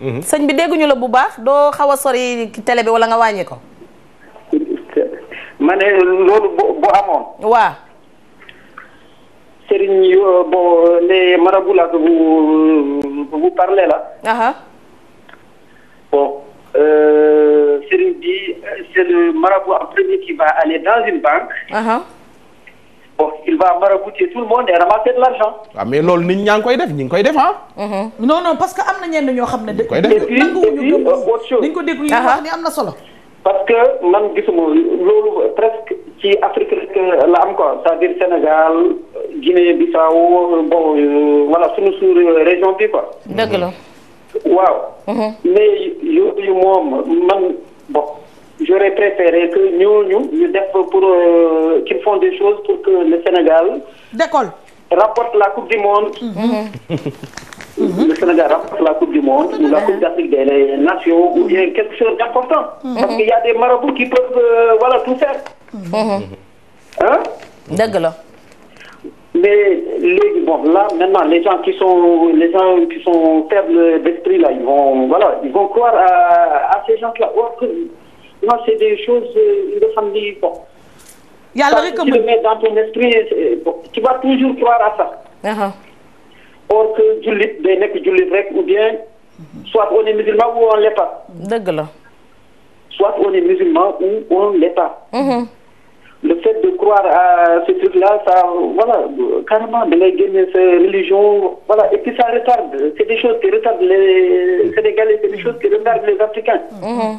mhm. sëñ bi dégguñu la bu baax doo xaw a sori télé bi wala nga wàññi ko. ma ne loolu bu bu amoon. waaw. Serigne euh, yo bon les marabouts là que vous vous parlez là. dans une banque. bon il va marabouter tout le monde et l'argent. waaw ah, mais loolu nit ñaa ngi koy def ñi koy def ah. Mm-hmm. non non parce que am na ñenn ñoo xam ne. dañ koy def et puis euh, autre chose ko déglu wax ni am na solo. parce que man gisuma loolu presque ci Afrique rek euh, la am quoi cest dire Sénégal Guinée Bissau bon euh, voilà suñu suur région bi quoi. dëgg la. waaw. Mm-hmm. mais yooyu moom man bon. j'aurais préféré que ñooñu ñu def pour euh, qu'ils des choses pour que le Sénégal. décolle. rapporte la coupe du monde. Mmh. le Sénégal rapporte la coupe du monde ou la coupe d'Afrique des nations ou bien quelque chose d'important. Mhm. parce qu'il y a des marabouts qui peuvent euh, voilà tout faire. ah. dëgg la. mais là maintenant les gens qui sont les faibles d'esprit là ils vont voilà ils vont croire à ces gens là. moi c'est des choses yoo xam ni bon. yàlla rek a mën dans ton esprit bon tu toujours croire à ça. Uh-huh. or que jullit day nekk jullit rek ou bien soit on est musulman ou on l'est pas. dëgg soit on est musulman ou on l'est uh-huh. le fait de croire à ce truc-là ça voilà carrément da ngay génne sa voilà et puis ça retarde c'est des choses qui retardent les Africains. mm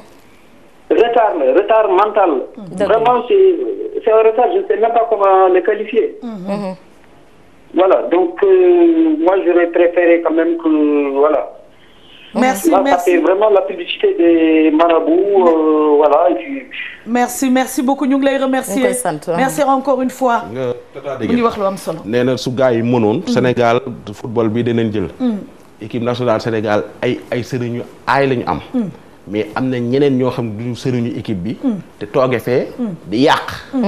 retard la retard mental la. vraiment c' un retard je ne sais même pas comment le qualifier. merci merci la publicité beaucoup ñu ngi lay remercier. merci encore une fois. bu wax lu su gars yi mënoon. Mhm. Sénégal football bi danañ jël. Mhm. équipe nationale Sénégal ay ay aay la am. Mhm. mais am na ñeneen ñoo xam ne duñu sëriñu équipe bi. Mm. te tooge fee. Mm. di yàq. Mm.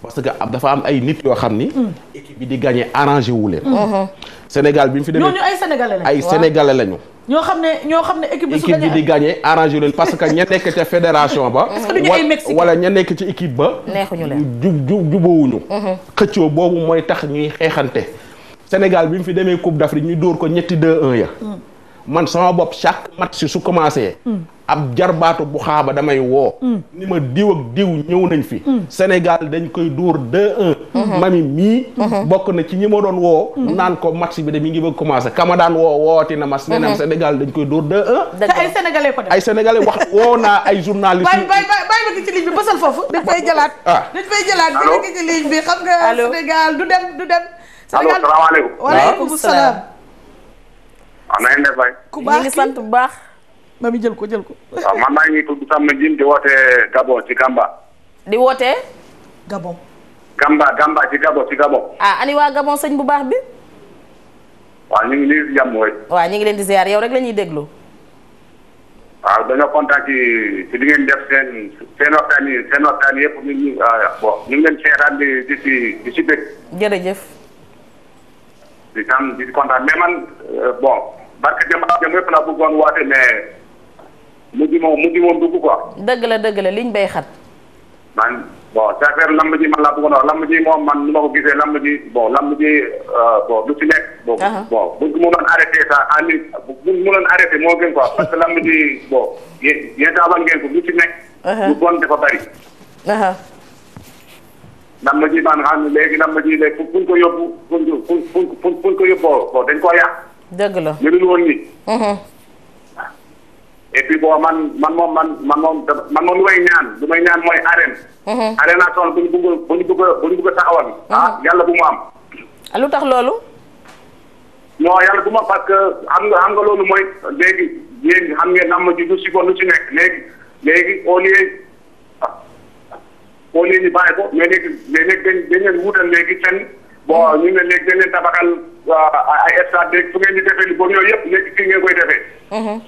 parce que dafa am ay nit yoo xam ni. équipe bi di gagné arrangé wu leen. Mm-hmm. Sénégal bi fi demee ñooñu ay sénégalais lañu. xam ne ñoo xam ne équipe bi di gagné arrangé parce que ña nekk ca fédération ba. wala ña nekk ci équipe ba. neexuñu leen jub jub jubóowuñu. Mm-hmm. xëccoo boobu mooy tax ñuy xeexante. Sénégal bi mu fi demee Coupe d'Afrique ñu dóor ko ñetti 2-1 ya. man sama bopp chaque match su commencé. Hmm. ab jarbaatu bu xaaba damay woo. Hmm. ni ma diw ak diw ñëw nañ fi. Hmm. Sénégal dañ koy dóor 2-1. mami mii. bokk na ci ñi ma doon woo. naan ko match bi de mi ngi bëgg commencé kama daan woo wooti na ma. nee na Sénégal dañ koy dóor 2-1. ay sénégalais ko def ay sénégalais wax woo naa ay journalistes. bàyyi ci ligne bi bësal foofu. dañ fay jëlaat. Ah. dañ fay jëlaat dina ci ligne du dem du dem. allo salaamaaleykum. waaleykum salaam. waaw na ngeen def waay. ku baax ñu ngi sant bu baax. mami jël ko jël ko. waaw man maa ngi tudd Samba Diine di woote Gabon ci Gamba. di wootee. Gabon. Gamba Gamba ci Gabon ci Gabon. ah ani Gabon sëñ bu baax bi. waaw ñu ngi nii di jàmm waay. waaw ñu ngi leen di ziar yow rek la déglu. waaw dañoo kontaan ci ci ngeen def seen seen waxtaan yi seen waxtaan yëpp ñu ngi ah, leen seeraan di di si di si bëgg. jërëjëf. di tam di kontaan mais man euh, bon. barke dem ak dem yëpp laa bëggoon waate mais mujj moom mujj moom dugg quoi. dëgg la dëgg la liñ bay xat. man bon c'est affaire lamb ji man laa bëggoon wax lamb ji moom man nu ma ko gisee lamb ji bon lamb ji euh, bon du ci nekk. bon bon buñ ko mënoon arrêté sax en ligne buñ mënoon arrêté moo gën quoi parce que lamb ji bon yéen yéen taxawal ngeen ko du ci nekk. lu bon dafa bari. lamb ji man xam ne léegi lamb ji léegi fuñ ko yóbbu fuñ fuñ fuñ fuñ ko yóbbu bon dañ koo yàq. dëgg la melul woon nii. Mm-hmm. et puis bon man man moom man man moom man moom lu may ñaan lu may ñaan mooy arène. Mm-hmm. arène nationale bu ñu bëgg bu ñu bëgg bu ñu mm-hmm. ah, yàlla bu mu am. Ah, lu tax loolu. non yàlla bu ma parce que xam nga xam nga loolu mooy léegi léegi xam ngeen am na ji lu si bon lu si nekk léegi léegi au lieu ah, au lieu ñu bàyyi ko mais léegi mais léegi dañ dañ dañ leen ay de fu ngeen di defee li boobu yooyu yëpp léegi fii ngeen koy defee. Mhm.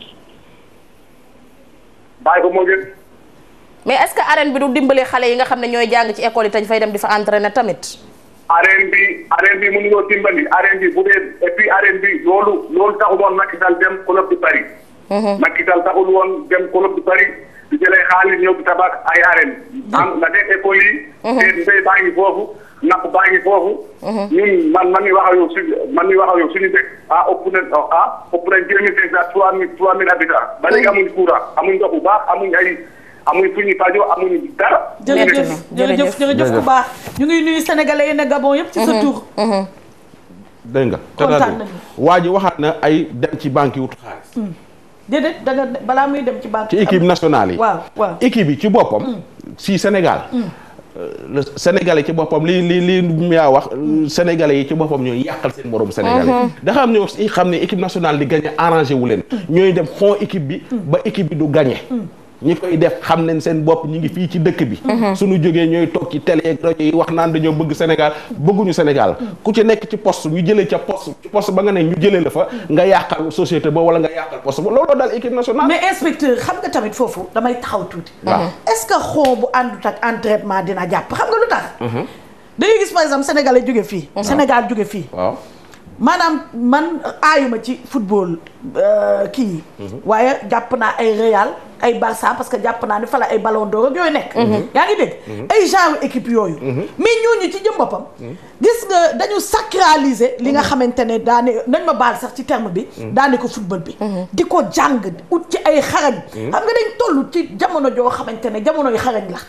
bàyyi ko moo gën. mais est-ce que arène bi du dimbali xale yi nga xam ne ñooy jàng ci école yi te fay dem di fa entraîner tamit. arène bi arène bi mënuñoo dimbali arène bi bu dee et puis arène bi loolu loolu taxul woon Macky Sall dem club du Paris. Mhm. Macky Sall taxul woon dem club du Paris di jëlee xaalis ñëw di tabax ay arène. Mhm. am na des yi. te mbéy baa foofu. napp baa ngi foofu. Mhm. ñun man man mi wax suñu man mi wax ak yow suñu dëkk ah ëpp na ah nañ deux mille cinq cent trois mille trois mille habitants. ba léegi amuñ courant amuñ ndox bu baax amuñ ay. amuñ fu ñuy fajoo amuñ dara. jërëjëf jërëjëf jërëjëf bu baax. ñu ngi nuyu sénégalais yi Gabon yëpp. ci sa mhm. tur. Mhm. dégg nga. kontaan nañu waa ji waxaat na ay dem ci banque yi wut xaalis. Hmm. déedéet danga balaa muy dem ci banque. ci équipe nationale yi. waaw waaw équipe yi ci boppam. Hmm. si Sénégal. Hmm. le sénégalais ci boppam li li li miyaa wax sénégalais yi ci boppam ñooy yàqal seen morom sénégalais mhm. dafa am ñoo xam ne équipe nationale di gagné arrangé wu leen mm. ñooy dem xon équipe bi ba équipe bi du gagné mm. ñi koy def xam nañ seen bopp ñu ngi fii ci dëkk bi mhm. suñu jógee ñooy toog ci télé ak yi wax naan dañoo bëgg Sénégal bëgguñu Sénégal ku ci nekk ci poste ñu jëlee ca poste ci ba nga ne ñu jëlee la fa nga yàqal société ba wala nga yàqal poste ba looloo daal équipe mais inspecteur xam nga tamit foofu damay taxaw tuuti est-ce que xoo bu àndut ak entraînement dina jàpp xam nga lu tax mhm. da ngay gis par exemple Sénégal jóge fii mhm. Sénégal jóge fii waaw maanaam man aayuma ci football euh, kii yi waaye jàpp naa ay Real ay Barça parce que jàpp naa ne fa la ay Ballon d'Or ak yooyu nekk. Mhm. yaa ngi dégg. Mhm. ay genre équipe yooyu. Mhm. mais ñooñu ci jëm boppam. gis nga dañu sacraliser li nga xamante ne daane nañ ma baal sax ci terme bi. daane ko football bi. di ko jàng ut ci ay xarañ. xam nga dañ toll ci jamono joo xamante ne jamono yu xarañ la.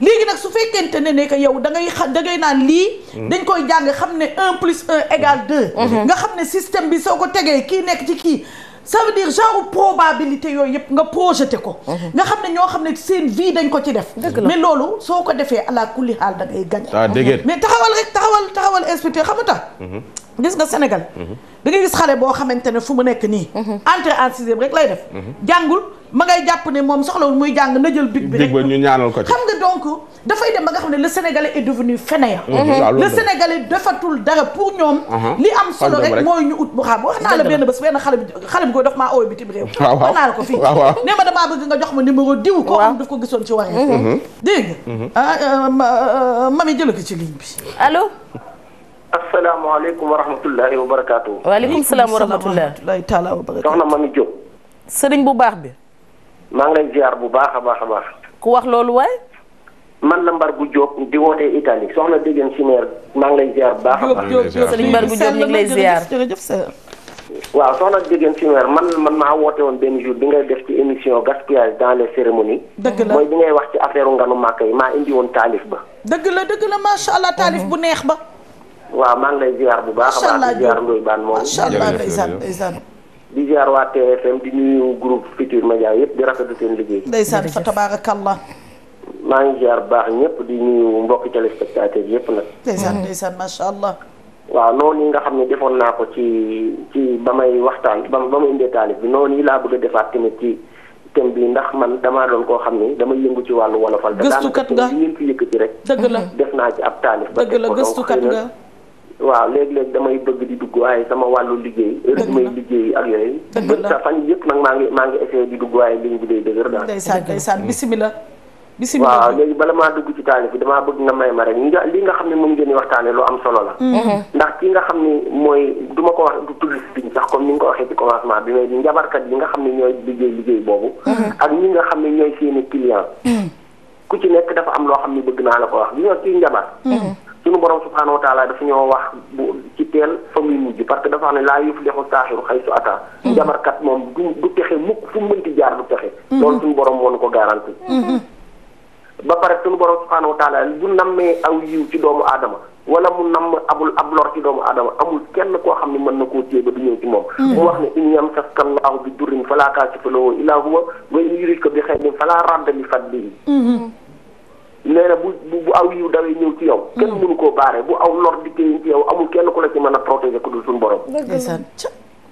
léegi nag su fekkente ne ne que yow da ngay xa da ngay naan lii. dañ koy jàng xam ne un plus un égale deux. nga xam ne système bi soo ko tegee kii nekk ci kii. ça veut dire genre probabilité yooyu yëpp nga projeté ko. Mhm. nga xam ne ñoo xam ne seen vie dañ ko ci def. mais loolu soo ko defee ala kulli xaal da ngay gañ. Ah, mais taxawal rek taxawal taxawal inspecteur xam nga mhm. gis nga Sénégal. da ngay gis xale boo xamante ne fu mu nekk nii. entrée en sixième rek lay def. jàngul ma ngay jàpp ne moom soxlawul muy jàng na jël big bi rek. ñu ñaanal ko ci xam ba nga xam ne le sénégalais est devenu fainéant. Mhm. le sénégalais defatul dara pour ñoom. li am solo rek mooy bi xale ko daf maa ooy bitim réew. waaw bi asalaamaaleykum wa rahmatullahi wa barakaatu. waaleykum salaam wa rahmatullahi taala wa barakaatu. soxna Mami sëriñ bu baax bi. maa ngi lay ziar bu baax a baax a baax. ku wax loolu waaye. man la Mbargu Diop di wootee Italie soxna Degen Chimère maa ngi lay ziar bu baax a baax. Diop Diop sëriñ Mbargu Diop ñu ngi lay ziar waaw soxna man man maa woote woon benn jour bi ngay def ci émission gaspillage dans les cérémonies. dëgg la mooy bi ngay wax ci affaire nganu màkk yi maa indi woon taalif ba. dëgg la dëgg la macha allah taalif mhm. bu neex ba. waaw maa ngi lay ziar bu baax a baax di ziar Ndoye Bane moom macha allah ndeysaan ndeysaan di ziar waa TFM di nuyu groupe Futur Media yëpp di rafetlu seen liggéey ndeysaan fa tabaarakallah maa ngi ziar bu baax ñëpp di nuyu mbokki téléspectateurs yëpp nag ndeysaan mm. ndeysaan macha allah waaw noonu yi nga xam ne defoon naa ko ci ci ba may waxtaan ba ba may indee taalif bi noon yi laa bëgg a defaat tamit ci thème bi ndax man damaa doon koo xam ne dama yëngu ci wàllu wolofal. gëstukat nga da daanaka fi yëkkati rek. def naa ci ab taalif. ba dëgg la gëstukat nga waaw léeg-léeg damay bëgg di dugg waaye sama wàllu liggéey heure bi liggéey ak yooyu bët sa fan yëpp nag maa ngi maa ngi essayé di dugg waaye liñ bi day dëgër daal ndeysaan ndeysaan mm. bisimilah bisimilah waaw léegi bala maa dugg ci taalif bi damaa bëgg nga may ma rek nga xam ne moom ngeen di waxtaane lu am solo la mm. mm-hmm. ndax ki nga xam ne mooy du ma ko wax du tudd biñ sax comme ni nga ko waxee ci commencement bi mais njabarkat yi nga xam ne ñooy liggéey liggéey boobu mm-hmm. ak ñi nga xam ne ñooy seeni client mm. ku ci nekk dafa am loo xam ne bëgg naa la ko wax li ñoo ciy njabar mm-hmm. suñu borom subhaanahu wa taala dafa ñoo wax bu ci teel fa muy mujj parce que dafa xam ne laa yuflixu saaxiru xaysu ata mm-hmm. jabarkat moom du du texe mukk fu mu mënti jaar du texe mm-hmm. loolu suñu borom woon ko garanti mm-hmm. ba pare suñu borom subhaanahu wa taala nammee aw yiw ci doomu aadama wala mu namm abul ab lor ci doomu aadama amul kenn koo xam ne mën na koo téye ba du ñëw ci moom mu wax ne in yamsaska llaahu bi durrin falaa kaashifa lahu illaa huwa wa in nee na bu bu aw yiw dawee ñëw ci yow. Mm. kenn mënu koo baaree bu aw lor di téye ci yow amul kenn ku la ci mën a protéger ku dul suñu borom.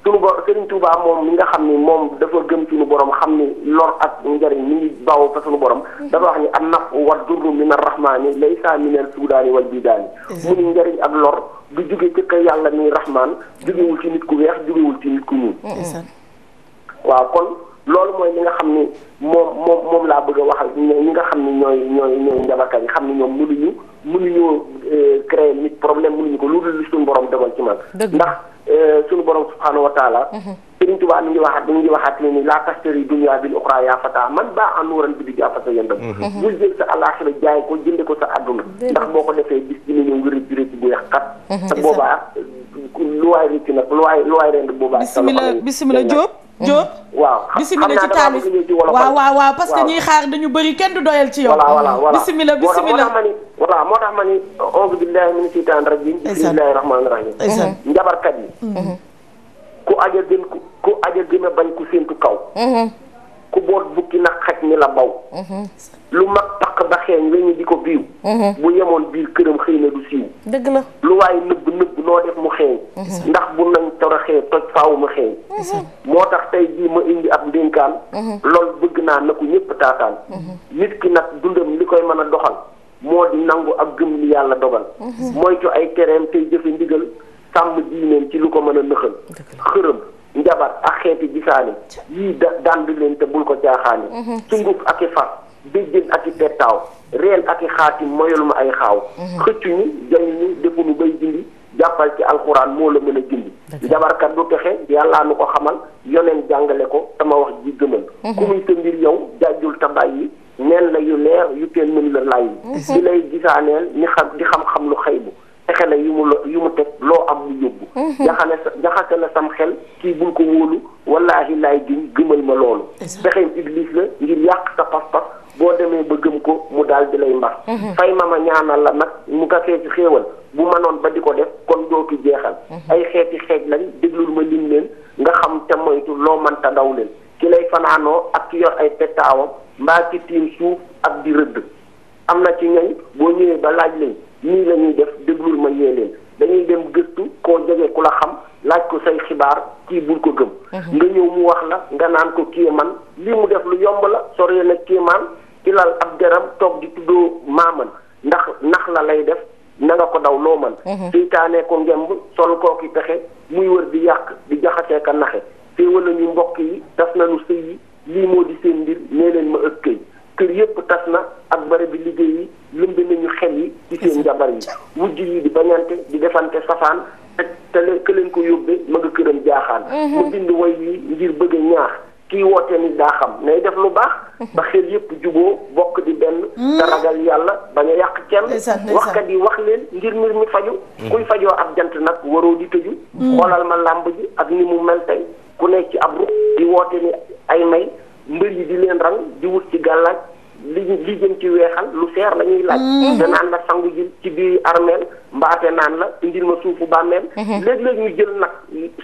suñu bor Serigne Touba moom mi nga xam ni moom dafa gëm suñu borom xam ni lor ak njëriñ mi ngi bawoo fa suñu borom mm. dafa wax ni an naf wa durru min arrahmaani laysa min al suudaani wal bidaani mu ni njëriñ ak lor du jóge ci ka yàlla ni rahmaan jógewul ci nit ku weex jógewul ci nit ku ñuul waaw kon loolu mooy li nga xam ni moom moom moom laa bëgg a waxal ñi nga xam ni ñooy ñooy ñooy njabarkat yi xam ni ñoom mënuñu mënuñu euh, créer nit problème mu mënuñu ko loolu li suñu borom dogal ci man. ndax euh, suñu borom subhaanahu wa taala. Mhm. Sëriñ Tuubaa mi ngi waxaat mi ngi waxaat ni laa tashtari dunya bil uxraa yaa fataa man baa anuuran bi di jaa fasa yendam mhm. mhm. bul jël sa àllaaxira jaay ko jënde ko sa àdduna ndax boo ko defee bis dina ñëw ngir rëcc bu yàq kat. boobaa lu waay rëcc nag lu waay lu waay rend boobaa. bisimilah bisimilah Diop Diop waaw bisimila ci taalif waaw waaw waaw parce que ñuy xaar dañu bëri kenn du doyal ci yow bisimila bisimila voilà moo tax ma ni auzu billahi mina shaytaani rajim bismillahi rahmaani rahim mhm. njabarkat yi mhm. Mhm. ku aja gën ku aja gën a bañ ku séentu kaw ku boot bukki nag xaj ni la baw lu mag paq ba xeeñ weñu di ko biiw mhm. bu yemoon biir këram xëy na du siiw dëgg la lu waaye nëbb nëbb noo def mu xeeñ mhm. ndax bu nañ toroxee toj faaw mu xeeñ mhm. moo tax tay jii ma indi ab ndénkaan loolu bëgg naa na ko ñëpp taataan nit ki nag dundam li koy mën a doxal moo di nangu ak gëm li yàlla dogal moytu ay tereem tey jëfe ndigal sàmm diineen ci lu ko mën a nëxal xërëm njabar ak xeeti gisaane yii da daan leen te bul ko caaxaane sunguf ak i fas béjjén ak i pettaaw reen ak i xaatim moyalu ma ay xaaw mhm. xëccuñu jëriñu defuñu bay jindi jàppal ci alxuraan moo la mën a jindi jabarkat du texe yàllaa nu ko xamal yoneen jàngale ko tama wax ji gëmal mhm. ku muy sa mbir yow jàjjul ta bàyyi neen la yu leer yu kenn mën la lay mhm. di lay gisaaneel ni xam di xam-xam lu xëy bu texe la yu mu lo yu mu teg loo am mu yóbbu jaxane jaxase na sam xel kii bul ko wóolu wallaahi laay giñ gëmal ma loolu pexeem iblis boo demee ba gëm ko mu daal di lay mbar mhm. fay ma ma ñaanal la nag mu ko feesi xéewal bu mënoon ba di ko def kon dootu jeexal mhm. ay xeeti xeej lañ déglul ma lim leen nga xam te moytu loo mënta daw leen ki lay fanaanoo ak ki yor ay pettaawam mbaa ci tiim suuf ak di rëdd am na ci ñay boo ñëwee ba laaj leen nii lañuy ñuy def déglul ma yee leen dañuy dem gëstu koo jege ku la xam laaj ko say xibaar kii bul ko gëm. Mhm. nga ñëw mu wax la nga naan ko kéemaan lii ci lal ab garam toog di tuddoo maaman ndax nax la lay def na ko daw loo man mhm. seytaane ko ngemb sol kooki pexe muy wër di yàq di jaxasee ka naxe féewal nañu mbokk yi tas nañu sëy yi lii moo di seen mbir nee leen ma ëpp këy kër yépp tas na ak bare bi liggéey yi lëmb nañu xel yi ci seen jabar yi wujj yi di bañante di defante safaan te te leen ko yóbbee ma nga këram jaaxaan mhm. mu bind way yi ngir bëgg a ñaax kii woote ni daa xam def lu baax. ba xel yëpp juboo bokk di benn. Mm. te ragal yàlla bañ a yàq kenn. waxkat yi wax leen ngir mbir mi faju mm. kuy fajoo ab jant nag waroo di tëju. Mm. xoolal ma làmb ji ak ni mu mel ku nekk ci ab ruq di woote ni ay may mbër yi di leen rang di wut ci gàllaaj li li jëm ci weexal lu seer la ñuy laaj. te naan la sangu ji ci biir armeel mbaate naan la indil ma suufu bàmmeel. Mm-hmm. léeg-léeg ñu jël nag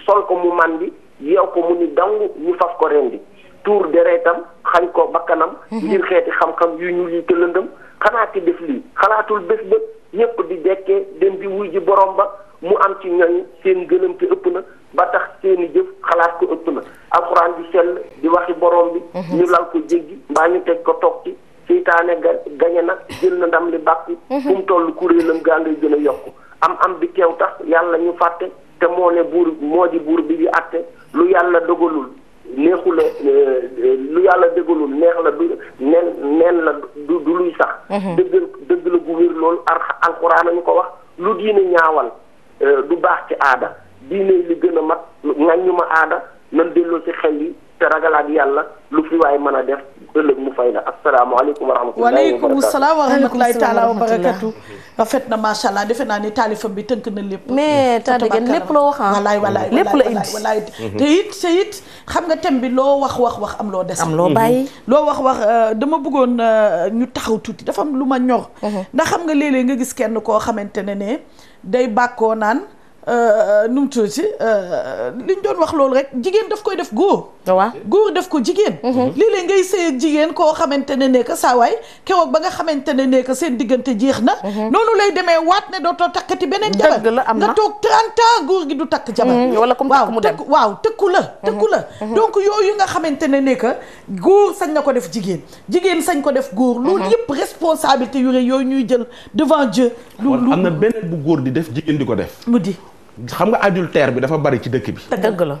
sol ko mu man yeew ko mu ni dangu ñu faf ko rendi tuur deretam xañ ko bakkanam mhm. ngir xeeti xam-xam yu ñuul yi te lëndëm xanaa ki def lii xalaatul bés ba ñëpp di dekkee dem bi wuy ji borom ba mu am ci ñooñ seen gëlëm te ëpp na ba tax seeni jëf xalaat ko ëpp na alxuraan di sell di waxi borom bi mhm. ñu lal ko jéggi mbaa ñu teg ko toog ci seytaane ga gañe na jël na ndam li bàkku mhm. fu mu toll kuréelam gaa ngay gën a yokk am am bi teew tax yàlla ñu fàtte te moo ne buur moo di buur bi di àtte lu yàlla dogalul neexu euh, lu yàlla dogalul neex la du neen neen la du luy sax mhm. dëgg dëgg la gu wér loolu ar alxuraan nañu ko wax lu diine ñaawal euh, du baax ci aada diine li gën a mat ŋàññu ma aada nan delloo ci xel yi te ragalaat yàlla lu fi waay mën a def ëllëg mu fay la asalaamaaleykum wa rahmatulah. waaleykum salaam wa rahmatulahi taala wa barakatu rafet na macha allah defe naa ni taalifam bi tënk na lépp. mais tànn lépp loo wax ah. walaay walaay lépp la indi walaay mhm. te it te it xam nga thème bi loo wax wax wax am loo des. am loo bàyyi. Mhm. loo wax wax euh, dama bëggoon euh, ñu taxaw tuuti dafa am lu ma ñor. Mhm. ndax xam nga léeg-léeg nga gis kenn koo xamante ne ne day bàkkoo naan. Euh, nu mu tuuti euh, li ñu doon wax loolu rek jigéen daf koy def góor. waaw ah góor def ko jigéen. Mhm. Mhm. léeg-léeg ngay sëy jigéen koo xamante ne ne que saa waay keroog ba nga xamante ne ne que seen diggante jeex na. Mhm. noonu lay demee waat ne dootoo takkati beneen jabar. la am na nga toog 30 góor gi du takk jabar. wala comme takk mu dem waaw tëkku la tëkku la. donc yooyu nga xamante ne ne que góor sañ nga ko def jigéen jigéen sañ ko def góor. loolu yëpp responsabilité yu rëy yooyu ñuy jël devant Dieu. lu lu am na beneen bu góor di def jigéen di ko def. di. xam nga adultère bi dafa bari ci dëkk bi. dëgg la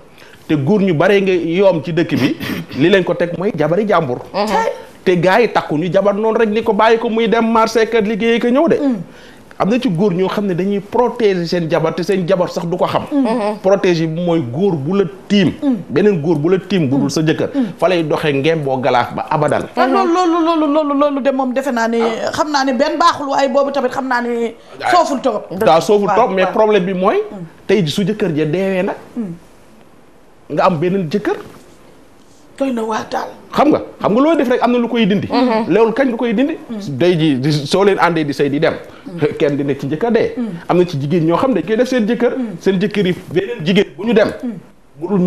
te góor ñu bari nga yoom ci dëkk bi li leen ko teg mooy jabari jàmbur. Mhm. te gaa yi takku ñu jabar noonu rek ni ko bàyyi ko muy dem marché kat liggéeyi ko ñëw de. Mm. am na ci góor ñoo xam ne dañuy protéger seen jabar te seen jabar sax du ko xam mm-hmm. protéger bi mooy góor bu la tiim mm. beneen góor bu la tiim bu dul sa mm. jëkkër mm. fa lay doxee ngeen boo galaaf ba abadan ah, loolu loolu loolu loolu loolu de moom defe naa ne xam naa ne benn baaxul waaye boobu tamit xam naa ne sooful trop daa sooful trop mais problème bi mooy tey ji su jëkkër ja deewee nag nga am beneen jëkkër doy na waar daal. xam nga xam nga loo def rek am na lu koy dindi. Mm-hmm. loolu kañ lu koy dindi. Mm. day ji soo leen àndee di say di dem. Mm. kenn dina ci njëkk a dee. Mm. am na ci jigéen ñoo xam dañ koy def seen jëkkër. seen jëkkër yi beneen jigéen bu ñu dem.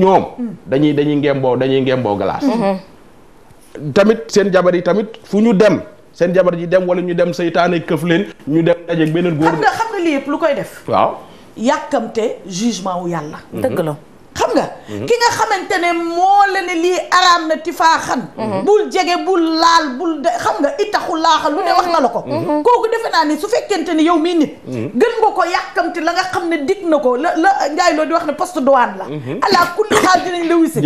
ñoom. dañuy dañuy ngemboo dañuy ngemboo glace. Mm-hmm. seen jabar yi tamit fu ñu dem seen jabar ji dem wala ñu dem seytaane këf leen ñu dem dajeeg beneen góor. xam nga xam nga lii yëpp lu koy def. waaw yàkkamte jugement wu yàlla. dëgg la. xam nga. Mhm. ki nga xamante ne moo la ne lii araam na tifaaxan. Mhm. bul jege bul laal bul de xam nga itaxu laaxa lu ne wax na la ko. Mhm. kooku defe naa ni su fekkente ni yow mii nit. gën nga ko yàkkamti la nga xam ne dig na ko la la Ndiaye loo di wax ne poste douane la. ala kulli xaal dinañ la wisi.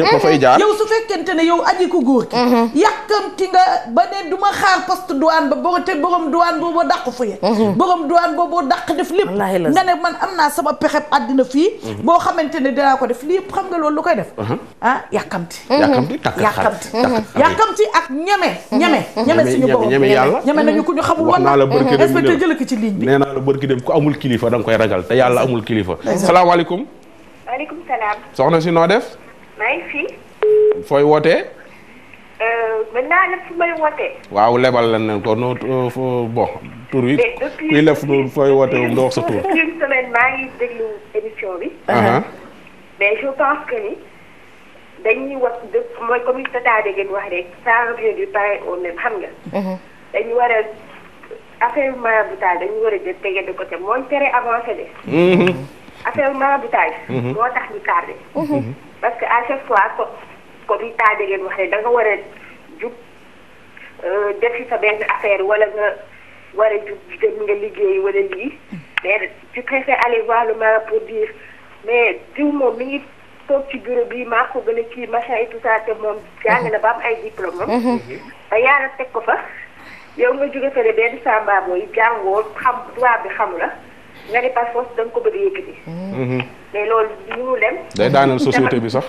su fekkente ne yow aji ko góor ki. yàkkamti nga ba ne du ma xaar poste douane ba boo te borom douane booboo dàq fuye. borom douane booboo dàq def lépp. nga ne man am naa sama pexeb àddina fii. boo xamante dinaa ko def lii xam nga loolu lu koy def uh-huh. ah yàkkamti mm-hmm. yàkkamti mm-hmm. yàkkamti ak ñeme mm-hmm. ñeme ñeme suñu borom ñeme yàlla ñeme nañu ku ñu xamul wax naa la bërki dem respecté jël ki dem ku amul kilifa da nga koy ragal te yàlla amul kilifa salaamaaleykum waaleykum soxna si noo def fooy euh, woote waaw lebal la ne ko tur wi fooy wootee nga wax sa tur depuis une mais je pense que ni dañuy wax dëpp mooy comme li tata da ngeen wax rek ça revient du pareil au même xam nga. Mhm. dañu war a affaire maraboutage dañu war a jël tege de côté mooy tere avancé de. Mhm. affaire maraboutage. Mhm. moo tax ñu tardé. parce que à chaque fois ko comme li tata da ngeen wax rek da nga war a jub euh, defi sa benn affaire wala nga war a jub dem nga liggéey wala lii mais tu préfères aller voir pour dire. mais diw moom mi ngi toog ci bureau bi maa ko gën a kii machin et tout te moom jàng na ba am ay diplôme am. Mhm. Mhm. ba yàlla teg ko fa. yow nga jóge fële benn samba booy jàngoo xam droit bi xamu la nga ne par force da ko bëgg a yëkkati. Mhm. mais loolu ñu mu dem. day daaneel société bi sax.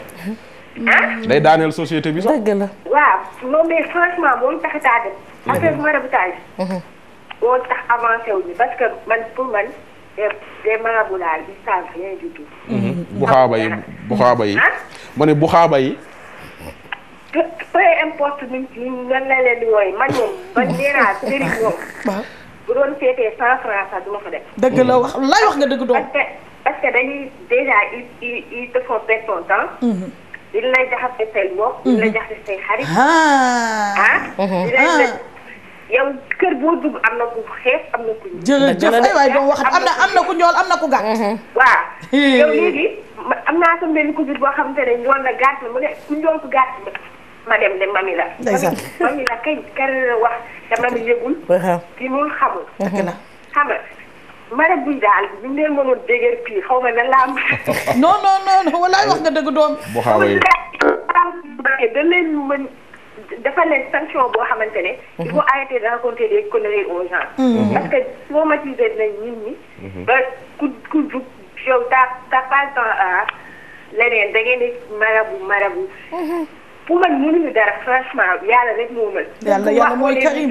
ah day daaneel société bi sax. dëgg la waaw non mais franchement moom tax a taa dem. affaire marabutage. moo tax avancé wu ñu parce que man pour man. des des marabouts là ils savent mhm. rien du tout. buxaaba yi buxaaba yi. ma ne buxaaba yi. peu importe ni ñu lan la leen di wooye man moom man nee naa sëriñ moom. bu doon féetee cent franc sax du ma ko def. dëgg la wax lay wax nga dëgg doom. parce que parce que dañuy déjà ils ils ils te font perdre ton temps. dina mhm. la jaxase say mbokk. dina la mhm. jaxase say xarit. ah. ah dina la. Ah. yow kër boo dugg am na ku xees am na ku ñuul. jërëjëf ay waay doo wax am na am na ku ñool am na ku gàtt. waaw. yow léegi am naa sama benn cousin boo xamante ne ñool na gàtt na mu ne ku ñool ku gàtt na ma dem ne mami la. ndeysaan mami la kañ kër wax te mami yëgul. ki ñuul xamul. dëgg la xam nga mara buy daal ñu leen mënoon dégër pii xaw ma nan laa am. non non non walaay wax nga dëgg doom. bu xawee. dañ leen mën. dafa leen sanction boo xamante ne. Mhm. il faut arrêter de raconter des conneries aux gens. Mhm. parce que traumatiser nañ nit ñi. Mhm. ba ku ku jug ta ta daa pas temps à leneen da ngeen di marabu marabu. pour man mënuñu dara franchement yàlla rek moo mën. yàlla yàlla mooy Karim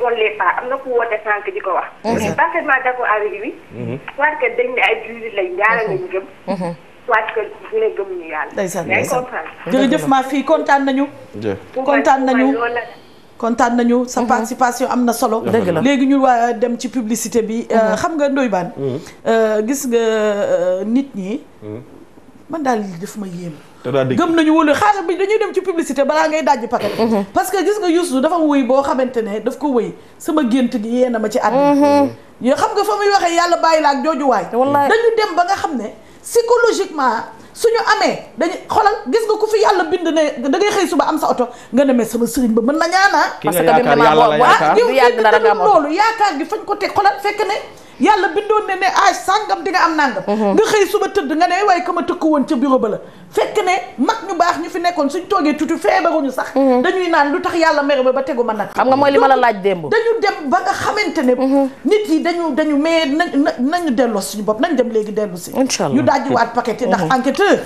on les pas am na ku woote sànq di ko wax. je suis parfaitement d'accord avec lui. parce que dañ ne ay jullit lañ yàlla lañ waat ko dina gëm ñu yàlla. jërëjëf maa fii kontaan nañu. kontaan nañu. kontaan nañu sa mhm. participation am na solo. dëgg la léegi ñu waa euh, dem ci publicité bi. Euh, mhm. xam nga Ndoye Bane. Mhm. Euh, gis nga nit ñi. man daal li daf ma yéem. gëm nañu wóolu xaaral bi dañuy dem ci publicité balaa ngay dajji paquet. parce que gis nga Youssou dafa wëy boo xamante ne daf ko woy sama gént gi yéena ma ci àdduna. yoo xam nga fa muy waxee yàlla bàyyi la ak joojuwaay. dañu dem ba nga xam ne. psychologiquement suñu amee dañu xoolal gis nga ko fi yàlla bind ne da ngay xëy suba am sa oto nga ne sama sëriñ ba mën na ñaanaa parce que bi mu ne maa boobu waaw yow dara nga am loolu yaakaar gi fañ ko teg xoolal fekk ne yàlla bindoon ne ne ay sàngam di nga am nàngam uh-huh. nga xëy suba tëdd nga ne waaye kama tëkk woon ca bureau ba la fekk ne mag ñu baax ñu fi nekkoon suñ toogee tuuti feebaruñu sax uh-huh. dañuy naan lu tax yàlla mer ba tegu ma nag xam nga mooy li ma la laaj démb dañu dem ba nga xamante ne uh-huh. nit yi dañu dañu mais na na nañu delloo suñu bopp nañ dem léegi dellu si ñu dajji waat paquet yi ndax enquêteur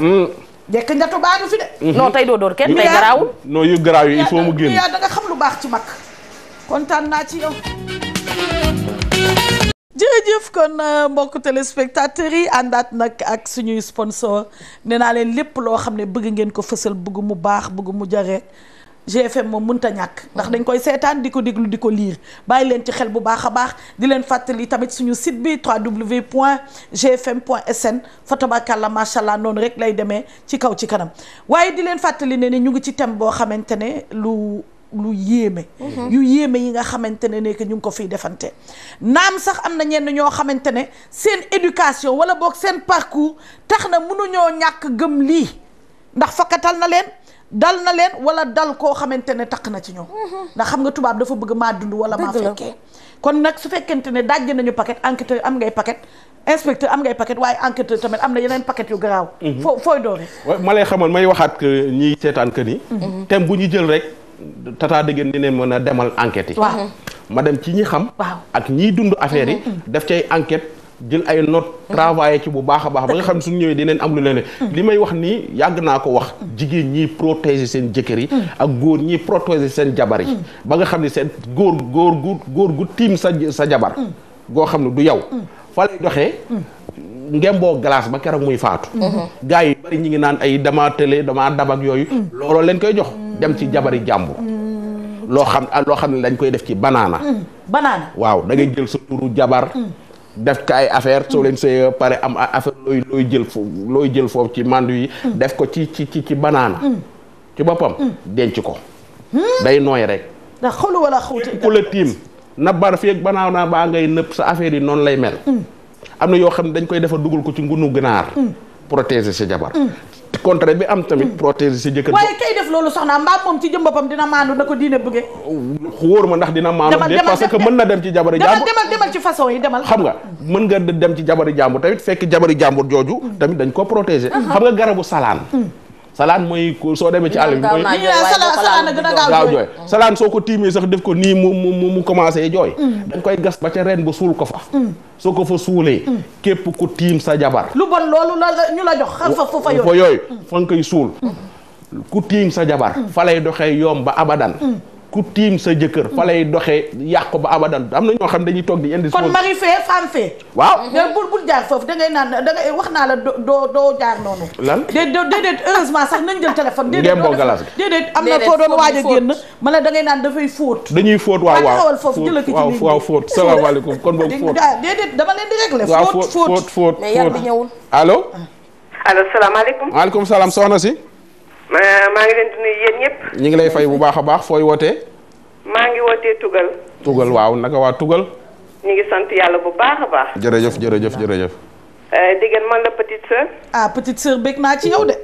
dekk hmm. njatu baanu fi de non tey doo door kenn tey garaawul non yu garaaw yi il faut mu génn xam lu baax ci mag kontaan naa ci yow jërëjëf kon euh, mbokk téléspectateurs yi àndaat nag ak suñuy sponsor nee naa leen lépp loo xam ne bëgg ngeen ko fësal bëgg mu baax bëgg mu jaree GFM moom mënta ñàkk ndax dañ koy seetaan di ko déglu di ko liir bàyyi leen ci xel bu baax a baax di leen fàttali tamit suñu site bi www point gfm point sn fatabakàlla macha allah noonu rek lay demee ci kaw ci kanam waaye di leen fàttali ne ñu ngi ci thème boo xamante ne lu lu yéeme mhm. yu yéeme yi nga xamante ne ne ñu ngi ko fiy defante naam sax am na ñenn ñoo xamante ne seen éducation wala boog seen parcours tax na mënuñoo ñàkk gëm lii ndax fakkatal na leen dal na leen wala dal koo xamante ne takk na ci ñoom mhm. ndax xam nga tubaab dafa bëgg maa dund wala maa fekkee kon nag su fekkente ne dajje nañu paquet enquêteur am ngay paquet inspecteur am ngay paquet waaye enquêteur tamit am na yeneen paquet yu garaaw mhm. fooy doore ma lay xamoon may waxaat que ñiy seetaan ñu jël tata dëggeen ni neen mën a demal enquête yi ma dem ci ñi xam ak ñiy dund affaire yi mm-hmm. def cay enquête jël ay notes mm-hmm. travaillé ci bu baax a baax ba nga xam ne suñu ñëwee dinañ am lu leen mm-hmm. li may wax nii yàgg naa ko wax jigéen ñi protéger seen jëkkër yi ak góor ñi protéger seen jabar yi ba nga xam ne seen góor góor gu góor gu tiim sa sa jabar goo xam ne du yow fa lay doxee ngemboo glace ba keroog muy faatu gars yi bari ñi ngi naan ay dama télé dama dabak yooyu looloo leen dem ci jabari jàmbur. Mm. loo xam ah, loo xam ne dañ koy def ci banaana. Mm. banaana waaw da ngay jël sa turu jabar. Mm. def ko ay affaire soo leen sëyee pare am affaire looy jël foofu looy jël foofu ci mandu yi. def ko ci ci ci ci banaana. ci boppam. denc ko. Hmm? day nooy rek. ndax tiim na bar fii ak banaana baa ngay nëpp sa affaire yi noonu lay mel. am na yoo xam ne dañ koy defar dugal ko ci ngunu ganaar protéger sa jabar. contraire bi am tamit protéger si jëkkër waaye kay def loolu soxna mbaa moom ci jëm boppam dina maandu na ko diine bëggee wóor ma ndax dina maandu de parce que mën na dem ci jabari jàmbur demal demal ci façon yi demal xam nga mën nga dem ci jabari jàmbur tamit fekk jabari jàmbur jooju tamit dañ ko protéger xam nga garabu salaan hmm. salaan mooy soo demee ci àll bi mooy gaaw salaan soo ko tiimee sax def ko nii mu mu mu commencé jooy mm. dañ koy gas ba ca reen ba suul ko fa mm. soo ko fa suulee mm. képp ku tiim sa jabar lu bon loolu la ñu la jox xam fa fa yooyu fa koy suul ku tiim sa jabar fa lay doxee yoom ba abadan ku tiim sa jëkkër. fa lay doxee yàq ba abadan am na ñoo xam dañuy toog di indi. kon mari fee femme fee. waaw mais mm-hmm. bul bul jaar foofu da ngay naan wax naa la doo doo jaar lan déedéet heureusement sax nañ jël téléphone. déedéet ngeen boo galas gi déedéet am na foo a ma da ngay naan dafay fóot. dañuy fóot waaw waaw xawal foofu jëlee ko ci biir waaw fóot kon boobu fóot. déedéet dama leen di réglé. fóot fóot fóot fóot mais yar bi ñëwul. allo. allo salaam soxna si. maa ngi leen di nuyu yéen ñëpp. ñu ngi lay fay bu baax a baax fooy wootee. maa ngi wootee Tugal. Tugal waaw naka waa Tugal. ñu ngi sant yàlla bu baax a baax. jërëjëf jërëjëf jërëjëf. Eh, diggéen man la petite sœur. ah petite sœur bég naa ci yow de.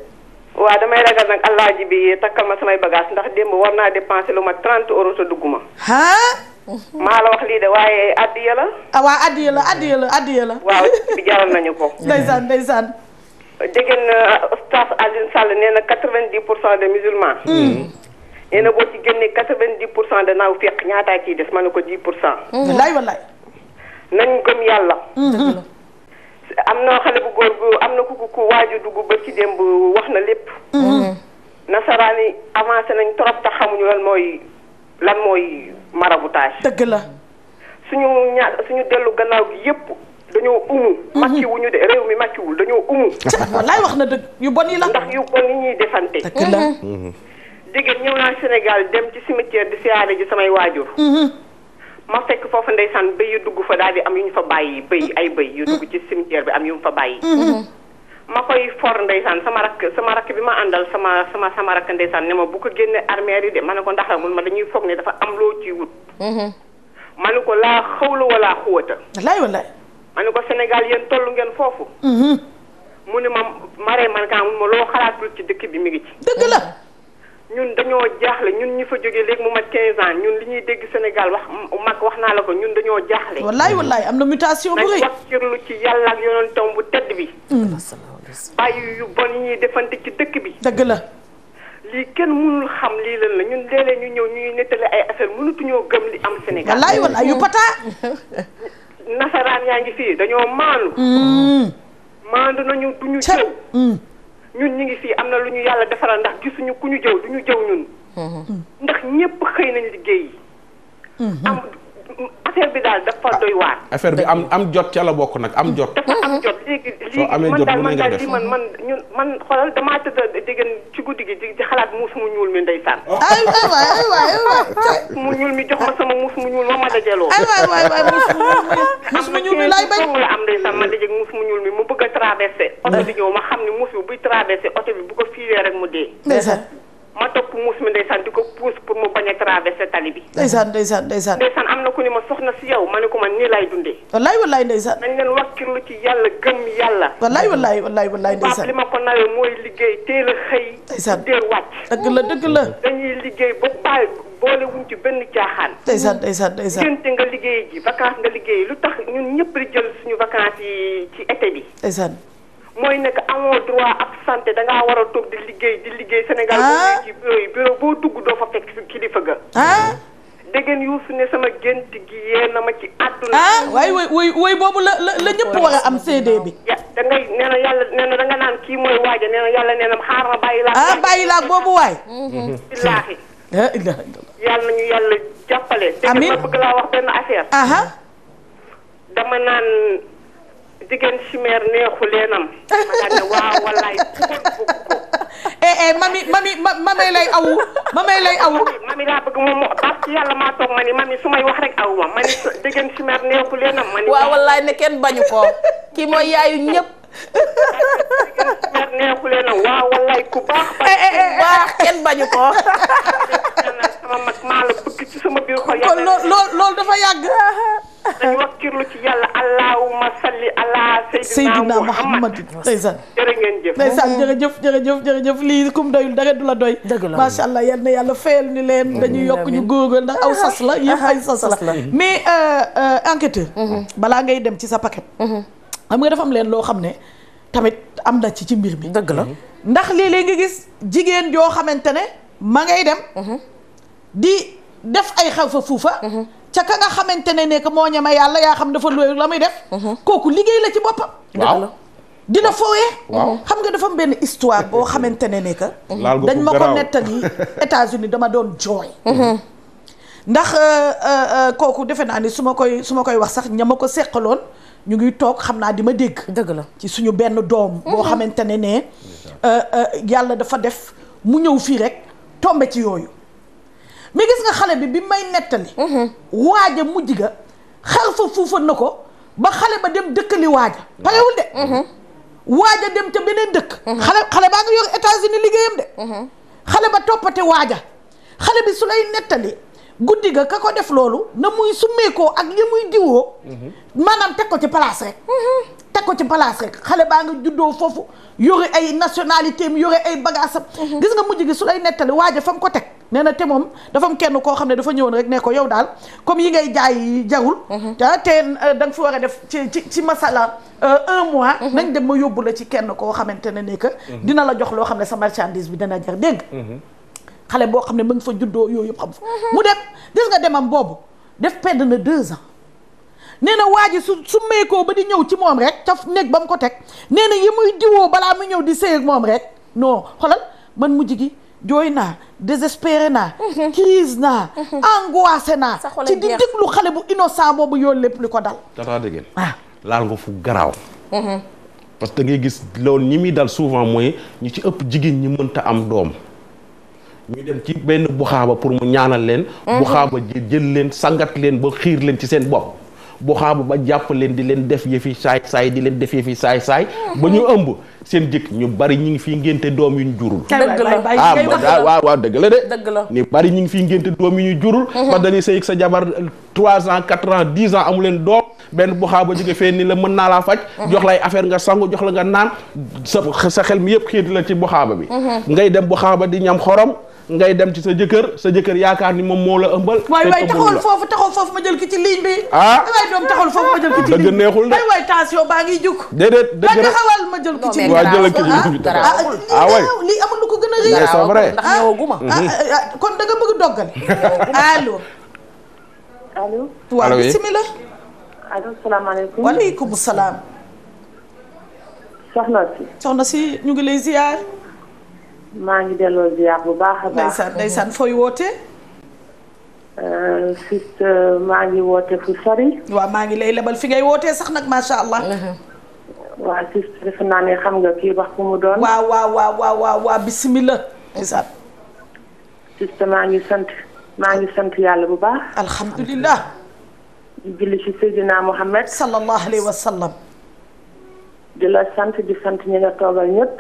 waaw damay ragal nag alaaji bi takkal ma samay bagage ndax démb war naa dépenser lu ma 30 euros te dugguma. maa la wax lii de waaye addiya la. ah waa addiya la addiya la waaw jaral nañu ko. ndeysaan ndeysaan. dégg na euh, oustaz Alioune Sall nee na quatre-vingt-dix pour cent de musulmans. Mm. Mm. nee na boo ci génnee quatre-vingt-dix pour cent de naaw fekk ñaataay ciy des ma ne ko dix pour cent. Mm. wallaay wallaay. nañ gëm yàlla. Mm-hmm. am na xale bu góor bu am na ku ku waaju dugg ba ci démb wax na lépp. Mm-hmm. Mm-hmm. nasaraan yi avancé nañ trop te xamuñu lan mooy lan mooy maraboutage. dëgg la. suñu ña suñu dellu gannaaw gi yépp dañoo umu. Mhm. màcci wuñu de réew mi màcciwul dañoo umu. wallaay wax na dëgg yu bon yi la. ndax yu bon yi ñuy defante. dëgg la. Mhm. Mhm. jigéen ñëw naa Sénégal dem ci cimetière di siyaare ji samay waajur. ma fekk foofu ndeysaan béy yu dugg fa daal di am yu ñu fa bàyyi béy ay béy yu dugg ci cimetière bi am yu mu fa bàyyi. ma koy for ndeysaan sama rakk sama rakk bi ma àndal sama sama sama rakk ndeysaan ne ma bu ko génnee armeer yi de ma ne ko ndax la mun ma dañuy foog ne dafa am loo ciy wut. ne ko laa xawlu wala xuwata. ma ne ko Sénégal yéen toll ngeen foofu. Mhm. mu ne ma Marème man kaa mun ma loo xalaatul ci dëkk bi mi ngi ci. dëgg la. ñun dañoo jaaxle ñun ñi fa jógee léegi mu mat 15 ans ñun li ñuy dégg Sénégal wax mag wax naa la ko ñun dañoo jaaxle. wallaay wallaay am na mutation bu rëy. ci yàlla ak yonentam bu tedd bi. Mm. bàyyi yu bon yi ñuy defante ci dëkk bi. dëgg la. lii kenn mënul xam lii lan la ñun léeg-léeg ñu ñëw ñu ngi nettali ay affaire mënatuñoo gëm li am Sénégal. wallaay wallaay yu pataa. nasaraan yaa ngi fii dañoo maandu. Mm. maandu nañu du ñu jëw. Mm. ñun ñu ngi fii am na lu ñu yàlla defaral ndax gisuñu ku ñu jëw du ñu jëw ñun. Mm-hmm. ndax ñëpp xëy nañu liggéey yi. Mm-hmm. affaire bi daal dafa doy waar. affaire bi am am jot ca la bokk nag am jot. dafa am jot léegi léegi man daal man daal di man man ñun man xoolal damaa tëdd ci guddi gi di xalaat muus mu ñuul mi ndeysaan. ay waay ay waay ay waay. mu ñuul mi jox ma sama muus mu ñuul ma ma dajaloo. ay waay waay waay muus mu ñuul mi. muus mu ñuul bëgg a traversé. Mm. oto bi ñëw ma xam ne muus bi buy traversé oto bi bu ko fiilee rek mu dee. ndeysaan. ma topp muus mi ndeysaan di ko pousse pour mu bañ a traversé tali bi. ndeysaan ndeysaan ndeysaan. ndeysaan am na ku ne ma soxna si yow ma ne ko man nii laay dundee. wallaay wallaay ndeysaan. nañ leen wàkkirlu ci yàlla gëm yàlla. wallaay wallaay wallaay wallaay ndeysaan. li ma ko nawee mooy liggéey teel a xëy. ndeysaan la dëgg la. liggéey ba bàyyi boole wuñ ci benn caaxaan. ndeysaan ndeysaan ndeysaan. diggante nga liggéey ji vacances nga liggéey lu tax ñun ñëpp di jël suñu vacances yi ci été bi. ndeysaan mooy nekk amoo droit absenté da ngaa war a toog di liggéey di liggéey Sénégal. ah bu ci bureau boo dugg doo fa fekk kilifa ga. ah. dégg ne sama gént gi yee na ma ci àdduna. Ah. waay waay waay waay boobu la la a am CD bi. ya da ngay na yàlla nee na naan kii mooy waaja nee na yàlla nee na xaar ma bàyyi laag. ah bàyyi laag boobu waay. billaahi. yàlla nañu yàlla jàppale. amiin dégg nga ma bëgg laa wax benn affaire. dama naan. jigéen chimère neexu leenam. ma daal ne waaw wallaay bëgg ko. Eh, eh, mami mami mami lay awu mami lay awu. mami laa bëgg moom moo parce que yàlla maa toog ma ni mami su may wax rek awu ma ma jigéen chimère neexu leenam. ma ni waaw wallaay ne kenn bañu ko. kii mooy yaayu ñëpp. neexulee na waaw wallaay ku baax. baax kenn bañu ko. sama mag maa la bëgg ci sama biir dafa yàgg. dañu wakkirlu ci yàlla allahumma salli ala sayyidina muhammad ndeysaan jërë ngeen jëf ndeysaan jërëjëf lii kum doyul dara du la doy macha yàlla fayal ni leen dañuy yokk ñu góorgóor ndax aw sas la yëpp ay sas la mais euh, euh, enquêteur mhm. balaa ngay dem ci sa paquet mhm. xam nga dafa leen loo xam ne tamit am na ci ci mbir mi. dëgg la ndax léeg-léeg nga gis jigéen joo xamante ne ma ngay dem. Mhm. di def ay xaw fa fuufa. Mhm. ca ka nga xamante ne nekk moo ñeme yàlla yaa xam dafa looy la muy def. Mhm. kooku liggéey la ci boppam. waaw di la fowee. xam nga dafa am benn histoire boo xamante ne ne que. dañ ma ko nettali États-Unis dama doon jooy. ndax euh, euh, euh, kooku defe naa ni su ma koy su ma koy wax sax ña ma ko seqaloon. ñu ngi toog xam naa di ma dégg. dëgg la ci suñu benn doom. Mhm. boo xamante ne ne euh, euh, yàlla dafa def mu ñëw fii rek tombe ci yooyu mais gis nga xale bi bi may nettali. Mhm. waaja mujj ga xar fa fuufa na ko ba xale ba dem dëkkali waaja parewul de. Mhm. waaja dem ca beneen dëkk. xale xale baa ngi yor États-Unis liggéeyam de. xale ba toppate waaja xale bi su lay nettali. guddi ga ka ko def loolu na muy summeekoo ak li muy diwoo mhm. maanaam teg ko ci place rek mhm. teg ko ci place rek xale baa nga juddoo foofu yore ay nationalité mi yore ay bagaasam mhm. gis nga mujj gi su lay nettali waaja fa mu ko teg nee na te moom dafa am kenn koo xam ne dafa ñëwoon rek ne ko yow daal comme yi ngay jaay jarul te euh, da nga fi war a def ci ci ci masala euh, un mois nañ dem ma yóbbu la ci kenn koo xamante ne ne que dina la jox loo xam ne sa marchandise bi dana jar dégg xale boo xam ne mu ngi fa juddoo yooyu yëpp xam fa mu dem gis nga demam boobu def pedd na deux ans nee na su su ba di ñëw ci moom rek ca néeg ba mu ko teg nee na yi muy diwoo balaa mu ñëw di sëy ak moom rek non xoolal man mu gi jooy naa désespéré naa crise mhm. naa mhm. angoissé naa ci di déglu xale bu innocent boobu yooyu lépp li ko dal tataa dëggeen ah. laal nga fu garaaw mhm. parce que da ngay gis loolu ñi muy dal souvent mooy ñu ci ëpp jigéen ñi mënta am doom ñu dem ci benn buxaaba pour mu ñaanal leen mhm. buxaaba jël leen sangat leen ba xiir leen ci seen bopp buxaaba ba jàpp leen di leen def yëfi saay saay di leen def yëfi saay saay mhm. ba ñu ëmb seen jëkk ñu bari ñu ngi fii ngénte doom yu ñu jurul ah, ah, ah waaw waaw dëgg la de ñu bari ñu ngi fii ngénte doom yu ñu jurul mhm. ba dañuy sa jabar trois ans quatre ans dix ans doom benn bu xaa jóge fee la mën naa laa faj mhm. jox lay affaire nga sangu jox la nga naan sa sa xel mi yëpp xiiti la ci bu xaaba bi mhm. ngay dem bu xaaba di ñam xorom ngay dem ci sa jëkkër sa jëkkër yaakaar ni moom moo ëmbal waay foofu taxaw foofu ma jël ki ci ligne bi ah waay doom taxawal foofu ma jël ki ci ligne bi dëgg neexul de waay waay tension baa dëgg taxawal ma jël ki ci waa jëlal kii ko gën a rëy. c'est vrai ndax ñëwaguma. Ah, ah, kon da bëgg a doggal. allo. allo. waaw bisimilah. allo salaamaaleykum. waaleykum salaam. soxna si. soxna si ñu ngi ngi delloo bu baax a baax. fooy wootee. Euh, fii maa ngi woote fu maa ngi lay lebal fi ngay wootee sax nag macha allah. waaw si defe naa ni xam nga kii wax ku mu doon. waaw waaw waaw waaw waaw bisimilah. ndeysaan. maa ngi sant maa ngi sant yàlla bu baax. alhamdulilah. di julli ci Seydina Mohamed. sallallahu alayhi wa sallam. di la sant di sant ñi nga toogal ñëpp.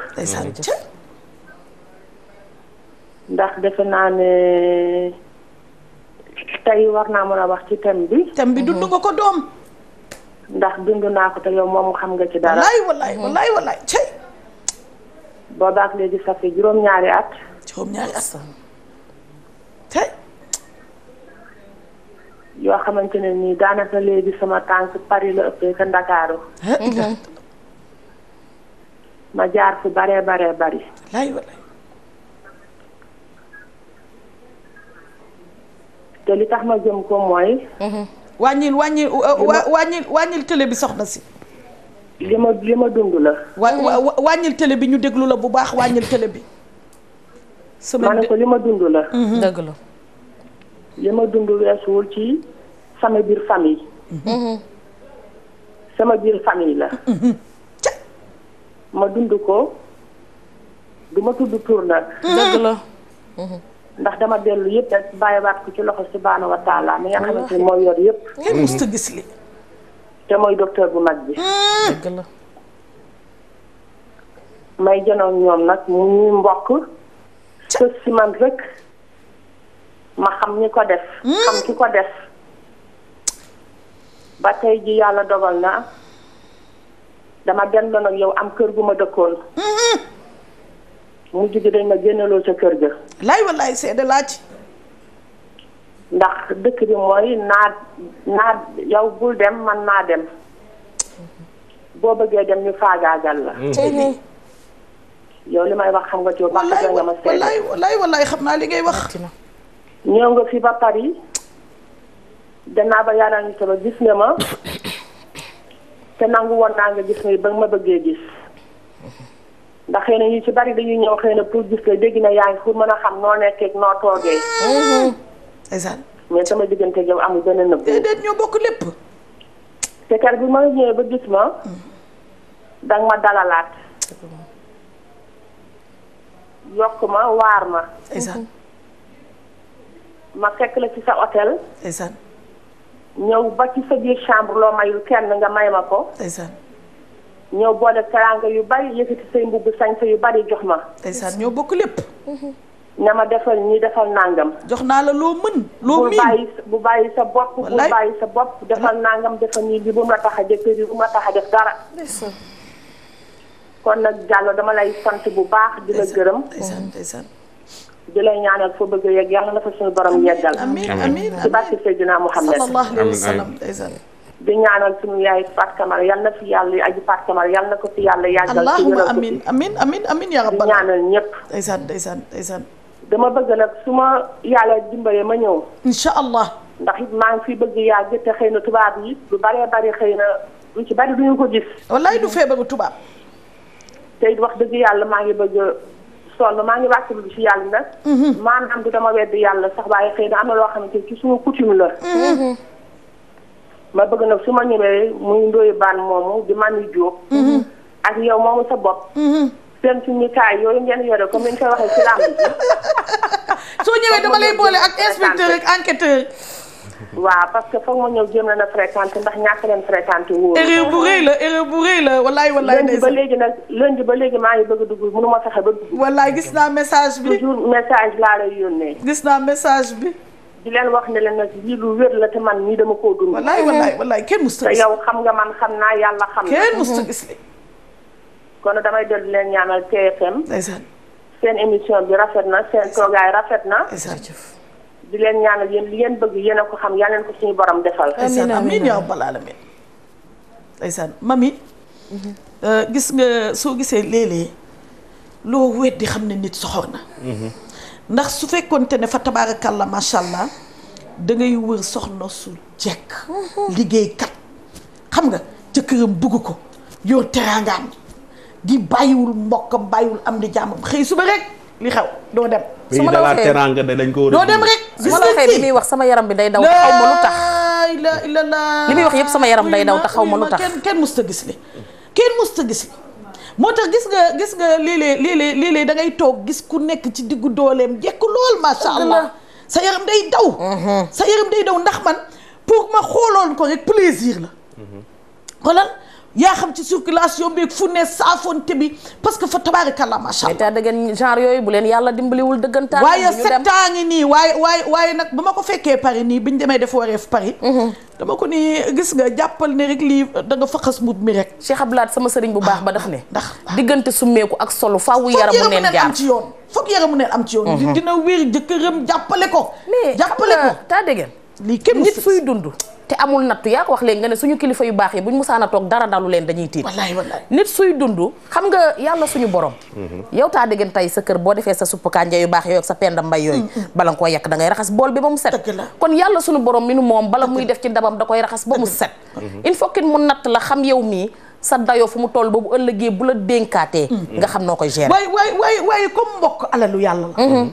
ndax defe naa ne tey war naa mën a wax ci thème bi. thème bi dund nga ko doom. ndax dund naa ko te yow moom xam nga ci dara. wallaay wallaay mhm. wallaay wallaay cey. léegi ça juróom-ñaari at. juróom-ñaari at. tey. yoo xamante ne nii daanaka léegi sama tànk Paris la ëppee ka Ndakaaru. Mhm. ma jaar fu baree baree bari. wallaay te li tax ma jëm ko mooy. Mhm. wàññil wàññil wàññil télé bi soxna si. li ma li ma dund la. wa wàññil télé bi ñu déglu la bu baax wàññil télé bi. semaine ma ne ko li ma dund la. Mhm. dëgg la. li ma dund weesuwul ci sama biir famille. Mhm. sama biir famille la. Mhm. ma dund ko du ma tudd tur nag. dëgg la. ndax dama dellu yëpp bàyyiwaat ko ci loxo subhaanahu wa taala mi moo yor yëpp. ngeen mës a gis li te mooy docteur bu mag bi. Hmm. dëgg la. may jënoon ñoom nag mu mbokk. sës si man rek ma xam ñi ko def. Hmm. xam ki ko def. ba tey ji yàlla dogal na dama dendoon ak yow am kër gu ma dëkkoon. Hmm. bu mu jugee dañ ma génneloo ca kër ga. laay walaay seede laaj. ndax dëkk bi mooy naa naa yow bul dem man naa dem boo bëggee dem ñu faagaagal la. Mm-hmm. yow li may wax xam nga ci yow. walaay walaay walaay walaay xam naa li ngay wax. ñëw nga fi ba Paris. danaa ba yàlla ñu sama gis nga ma. te nangu woon naa nga gis nga ba ma bëggee gis. ndax xëy na ci bari dañuy ñëw xëy na pour gis la dégg na yaa ngi pour mën a xam noo nekkee noo toogee. Mhm. ndeysaan. mais sama diggante yow amul benn nëbb. déedéet ñoo bokk lépp. te bi ma ñëwee ba gis ma. danga ma dalalaat. yokk ma waar ma. ndeysaan. ma fekk la ci sa hôtel. ndeysaan. ñëw ba ci sa biir chambre loo mayul kenn nga may ma ko. ndeysaan. ñoo boole teranga yu bari yëkkati say mbubb sañse yu bari jox ma. ndeysaan ñoo bokk lépp. na ma defal ñi defal nangam. jox naa la loo mën. bu bàyyi sa bopp. bu bàyyi sa bopp defal nangam defal nii li bu tax a def li bu ma tax a def dara. kon nag Diallo dama lay sant bu baax di la gërëm. ndeysaan ndeysaan di lay ñaanal foo bëgg a yegg yàlla na fa suñu borom yeggal. amiin amiin amiin ci barke Seydina Muhammad sallallahu alayhi wa sallam di ñaanal suñu yaay Fatou Camara yal na fi yàlla aji Fatou Camara yal na ko fi yàlla yàggal. allahumma amin amin amin amin ya rabbal di ñaanal ñëpp. ndeysaan ndeysaan ndeysaan. dama bëgg nag su ma yàlla dimbalee ma ñëw. incha allah. ndax it maa ngi fi bëgg yàgg te xëy na tubaab yi lu baree bari xëy na lu ci bari bi ñu ko gis. wallaay du feebaru tubaab. te it wax dëgg yàlla maa ngi bëgg sonn maa ngi wàcc lu ci yàlla nag. Mhm. maanaam du dama wedd yàlla sax waaye xëy na am na loo xamante ci suñu coutume la. Mhm. ma bëgg nag su ma ñëwee muy ndoyu baan moomu di mami Jóob mhm. ak yow moomu sa bopp mhm. seen suñu yooyu ngeen yore comme ni ñu koy waxee ci dama lay boole ak inspecteur ak enquêteur waaw parce que foog ma ñëw jéem na a ndax ñàkk leen fréquenté wóor erreur bu rëy la erreur bu rëy la ba léegi nag lundi ba léegi maa ngi bëgg a dugg mënu ma fexe ba dugg wallaay gis naa message bi toujours message laa lay yónnee gis naa message bi di leen wax ne leen nag lu wér la te man nii dama koo dund. wallaay wallaay wallaay kenn musta gis. yow xam nga man xam naa yàlla xam. kenn musta gis li kon damay dellu leen ñaanal TFM. ndeysaan seen émission bi rafet na seen toogaay rafet na. di leen ñaanal yéen li ngeen bëgg yéen a ko xam yàlla leen ko suñu borom defal. amiin amiin yaa rabbal aalamiin. ndeysaan mami. Mm-hmm. Euh, gis nga soo gisee léeg-léeg loo weddi xam ne nit soxor ndax su fekkoon te ne fa tabaarakàlla macha allah da ngay wër soxna su jekk mhm. liggéeykat xam nga ca këram bugg ko yor teraangaam di bàyyiwul mbokkam bàyyiwul am di jàmmam xëy suba rek li xew doo dem. su ma la waxee teraanga de doo dem rek. li muy wax sama yaram bi day daw xaw ma lu tax. li muy wax yëpp sama yaram day daw te xaw ma lu tax. kenn kenn mës gis li kenn mës ta gis moo tax gis nga gis nga léeg-léeg léeg-léeg da ngay toog gis ku nekk ci diggu dooleem jekk lool macha allah sa yaram day daw mhm. sa yaram day daw ndax man pour ma xooloon ko rek plaisir la mhm. xoolal yaa xam ci circulation bi fu ne saafonte bi parce que fa tabaarikàlla la allah. da ngeen genre yooyu bu leen yàlla dimbaliwul dëggantaan. waaye sept ans ngi nii waaye waaye waaye nag ba ma ko fekkee Paris nii bi ñu demee def wareef Paris. Mhm. dama ko ni gis nga jàppal ne rek lii da nga fa xas mut mi rek. Cheikh Abdoulaye sama sëriñ bu baax ba ah, daf ne. Ah, ndax ah. diggante summeeku ak solo faawu yaram neen jaar am ci yoon foog yaramu neen am ci yoon. Mhm. dina wér jëkkëram jàppale ko. jàppale ko mais lii kenn nit suy dund te amul nattu yaa ko wax léegi nga ne suñu kilifa yu baax yi buñ musaana toog dara dalu leen dañuy tiit wallaay wallaay nit suy dund xam nga yàlla suñu borom mhm. yow taa déggan tey sa kër boo defee sa suppu kànja yu baax yooyu sa pend mbay yooyu mhm. bala nga koo yàq da raxas bool bi ba mu set kon yàlla suñu borom mi nu moom bala muy def ci ndabam da koy raxas ba mu set mhm. il faut que mu natt la xam yow mii sa dayoo fu mu toll ba bu ëllëgee bu la dénkaatee nga xam noo koy gérer waaye waaye waaye comme mbokk yàlla la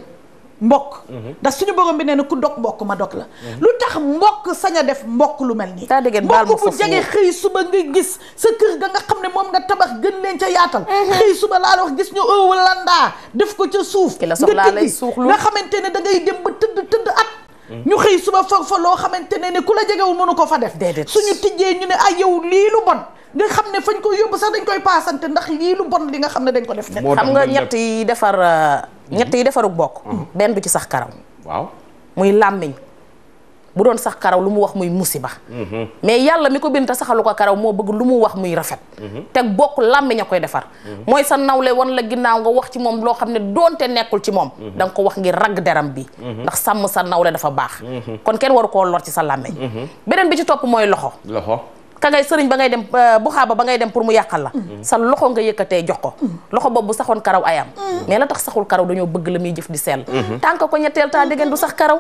mbokk mhm. ndax suñu borom bi nee na ku dog mbokk ma dog la mhm. lu tax mbokk saña def mbokk lu mel nii mbokk bu jege xëy suba nga gis sa kër ga nga xam ne moom nga tabax gën leen ca yaatal mhm. xëy suba laa la wax gis ñu ëw landaa def ko ca suuf nga tëddi nga xamante ne da ngay dem ba tëdd tëdd at ñu xëy suba fa fa loo xamante ne ne ku la jegewul mënu ko fa def déedéet suñu tijjee ñu ne ay yow lii lu bon nga xam ne fañ ko yóbbu sax dañ koy paasante ndax lii lu bon li nga xam ne dañ ko def xam nga ñett yi defar ñett yi defaruk bokk mhm. benn du ci sax karaw waaw muy làmmiñ bu doon sax karaw lu mu wax muy musiba mhm. mais yàlla mi ko bind te saxalu ko karaw moo bëgg lu mu wax muy rafet mhm. teg bokk làmmiñ a koy defar mhm. mooy sa nawle wan la ginnaaw nga wax ci moom loo xam ne doonte nekkul ci moom da nga ko wax ngir ragg deram bi ndax sàmm sa nawle dafa baax kon kenn waru koo lor ci sa làmmiñ beneen bi ci topp mooy loxo loxo ka ngay sëriñ ba ngay dem euh, bu xaaba ba ngay dem pour mu yàqal la mm-hmm. sa loxo nga yëkkatee jox ko mm-hmm. loxo boobu bu saxoon karaw ayam mm-hmm. mais la tax saxul karaw dañoo bëgg la muy jëf di sell tànk ko ñetteel taa déggeen du sax karaw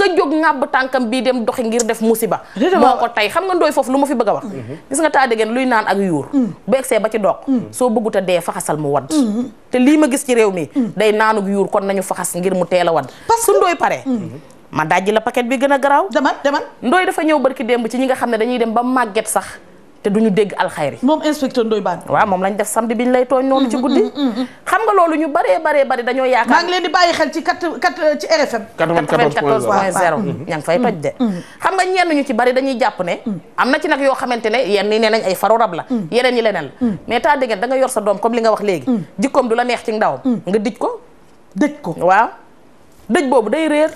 ka jóg ŋàbb tànkam bii dem doxi ngir def musiba moo ko tey xam nga ndooy foofu lu ma fi bëgg a wax gis nga taa déggeen luy naan ak yuur bu egsee ba ci doog soo bëggut a dee faxasal mu wadd te lii ma gis ci réew mi day naanuk yuur kon nañu faxas ngir mu teel a wadd su ndooy pare ma dajji la paquet bi gën a garaaw. demal demal Ndoye dafa ñëw barki démb ci ñi nga xam ne dañuy dem ba màgget sax te duñu dégg alxayri. moom inspecteur Ndoye Bane. waaw moom lañu def samedi biñ lay tooñ noonu. ci mm-hmm, guddi mm-hmm, mm-hmm, xam nga loolu ñu baree baree bari dañoo yaakaar. maa ngi leen di bàyyi xel ci quatre euh, fay toj de. xam ñu ci bari dañuy jàpp ne. Mm. am na ci nag yoo xamante ne yenn ñi nee nañ ay faru rab la. Mm. yeneen ñi leneen la. Mm. mais taa dégg danga nga yor sa doom comme li nga wax léegi. jikkoom du la neex ci ndawam. nga dij ko dëj ko waaw dëj boobu day réer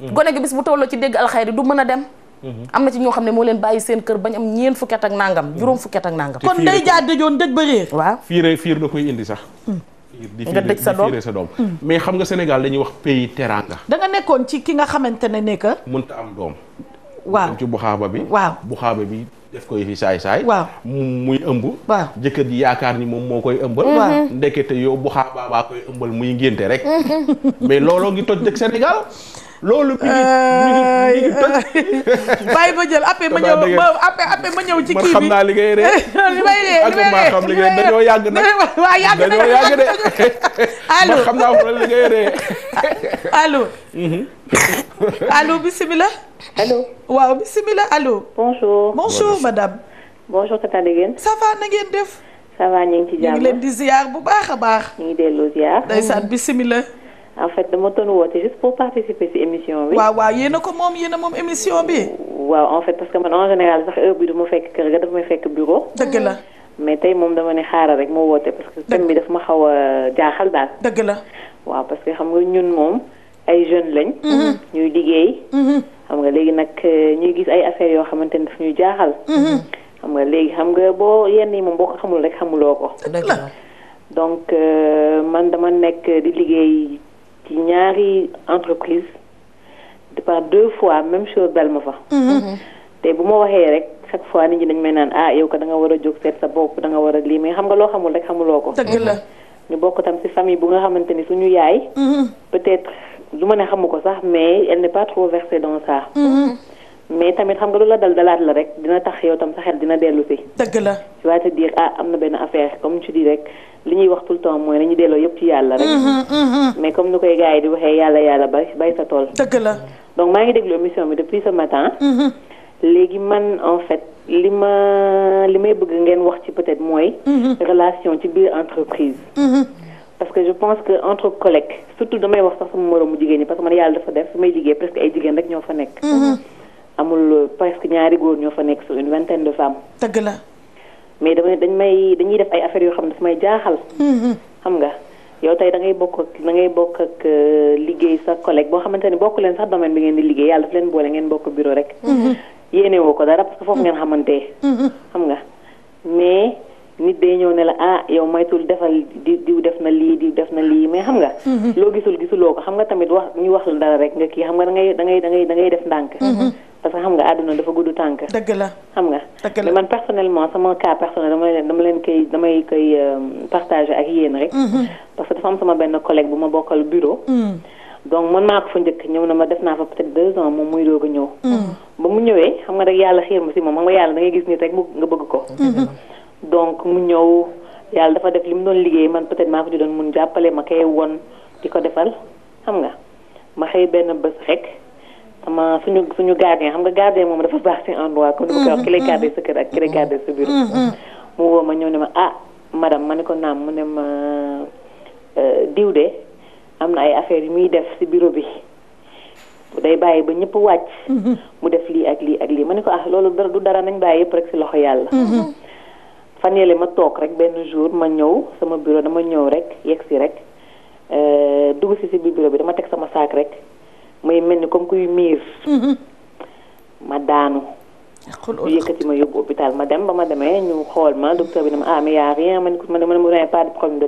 gone gi bis bu tolloo ci dégg alxayri du mën a dem mhm. am na ci ñoo xam ne moo leen bàyyi seen kër bañ am ñeen fukki at ak nangam mhm. juróom fukki at ak nangam kon day jaar dëjoon dëj ba réer fiir da koy indi sax hmm. nga dëj sa doom sa doom hmm. mais xam nga Sénégal dañuy wax pays teranga da nga nekkoon ci ki nga xamante ne ne que mënta am doom waaw ci buxaaba bi waaw buxaaba bi def ko yëfi saay-saay waaw muy ëmb waaw jëkkër ji yaakaar ni moom moo koy ëmbal hmm. waaw ndekete yow buxaaba baa koy ëmbal muy ngénte rek mais looloo ngi toj dëkk loolu mi ngi mi ngi bàyyi ma jël après ma ñëw ma après après ma ñëw ci kii bi man xam naa li ngay li may ree ak maa xam li ngay dañoo yàgg na waaw yàgg nag de allo man xam naa fa bi ngay ree allo mhm. allo bisimilah allo waaw bisimilah allo bonjour bonjour madame bonjour tata Ndegeen ça na ngeen def ça leen di ziar bu baax a baax ñu ngi delloo ziar ndeysaan bisimilah en fait dama ton woote juste pour participer ci émission bi. waaw waaw yéen a ko moom yéen moom émission bi. waaw en fait parce que man en général sax heure bi du ma fekk kër ga dafa may fekk bureau. dëgg la. mais tey moom dama ne xaaral rek moo woote parce bi daf ma xaw a jaaxal daal. dëgg la. waaw parce que xam nga ñun moom ay jeunes lañ. Mm-hmm. ñuy liggéey. Mm-hmm. xam nga léegi nag euh, ñuy gis ay affaires yoo xamante ni daf ñuy jaaxal. Mm-hmm. xam nga léegi xam nga boo yenn yi moom xamul rek xamuloo ko. dëgg donc euh, man dama nekk di liggéey. ci ñaari entreprise de par deux fois même chose dal ma fa. Mm-hmm. te bu ma waxee rek chaque fois nit ñi dañ may naan ah yow ko da nga war a jóg seet sa bopp da nga war a lii mais xam nga loo xamul rek xamuloo ko. dëgg la ñu bokk tam ci famille bu nga xamante ni suñu yaay. Mm-hmm. peut-être du ma ne xamu ko sax mais elle n'est pas trop versée dans ça. Mm-hmm. mais tamit xam nga lu la dal dalaat la rek dina tax yow tam sa xel dina dellu si. dëgg la tu vas te dire ah am na benn affaire comme tu dis rek li ñuy wax tout le temps mooy nañu delloo yëpp ci yàlla rek. Mm-hmm, mm-hmm. mais comme nu koy gars yi di waxee yàlla yàlla bay bay sa tool. dëgg la donc maa ngi déglu émission bi depuis ce matin. Mm-hmm. léegi man en fait li ma li may bëgg ngeen wax ci peut-être mooy. relation ci biir entreprise. parce que je pense que entre collègues surtout damay wax sax sama moroomu jigéen ñi parce yàlla dafa def su may liggéey presque ay ñoo fa nekk. amul euh, presque ñaari góor ñoo fa nekk sur une vingtaine de femmes. dëgg la. mais dama dañ may dañuy def ay affaire yoo xam ne daf may jaaxal. Mm-hmm. xam nga yow tey da ngay bokk ak ngay bokk ak euh, liggéey sa collègue boo xamante ne bokk leen sax domaine bi ngeen di liggéey yàlla daf leen boole ngeen rek. Mm-hmm. yéene ko dara parce que foofu mm-hmm. xam nga mais nit day ñëw ne la ah yow maytul defal di diw def na lii diw def na lii mais xam nga. loo gisul gisuloo ko xam nga tamit wax ñu wax la rek nga kii xam nga da ngay da ngay da ngay da ngay def ndànk. parce que xam nga àdduna dafa gudd tànk. dëgg la xam nga. dëgg la mais man personnellement sama cas personnel dama leen dama leen koy damay koy euh, partager ak yéen rek. Mhm. parce que dafa sama benn collègue bu ma bokkal bureau. Mhm. donc man maa ko fa njëkk ñëw na ma def naa fa peut moom muy doog a ñëw. Mhm. mu ñëwee xam nga rek yàlla xiir ma si moom xam yàlla da ngay gis nit rek nga bëgg ko. donc mu ñëw yàlla dafa def li mu doon liggéey man peut-être ko ci doon mun jàppale ma koy won di ko defal xam nga ma xëy benn bés rek. ama suñu suñu gardien xam nga gardien moom dafa baax ci endroit comme ni ma koy wax mm-hmm. ki lay garder sa kër ak ki lay sa bureau mm-hmm. Mm-hmm. mu woo ma ñëw ne ma ah madame ma ne ko naam mu ne ma euh, diw de am na ay affaires yu muy def ci bureau bi day bàyyi ba ñëpp wàcc mu def lii ak lii ak lii ma ne ko ah loolu dara du dara nañ bàyyi yëpp rek ci loxo yàlla fan yële ma toog rek benn jour ma ñëw sama bureau dama ñëw rek yegg si rek euh, dugg si ci biir bi dama teg sama saak rek may mel ni comme kuy miir. Mm-hmm. ma daanu. ñu yëkkati ma yóbbu hôpital ma dem ba ma demee ñu xool ma docteur bi ne ma ah mais y a rien ma ne ko ma ne ma pas de problème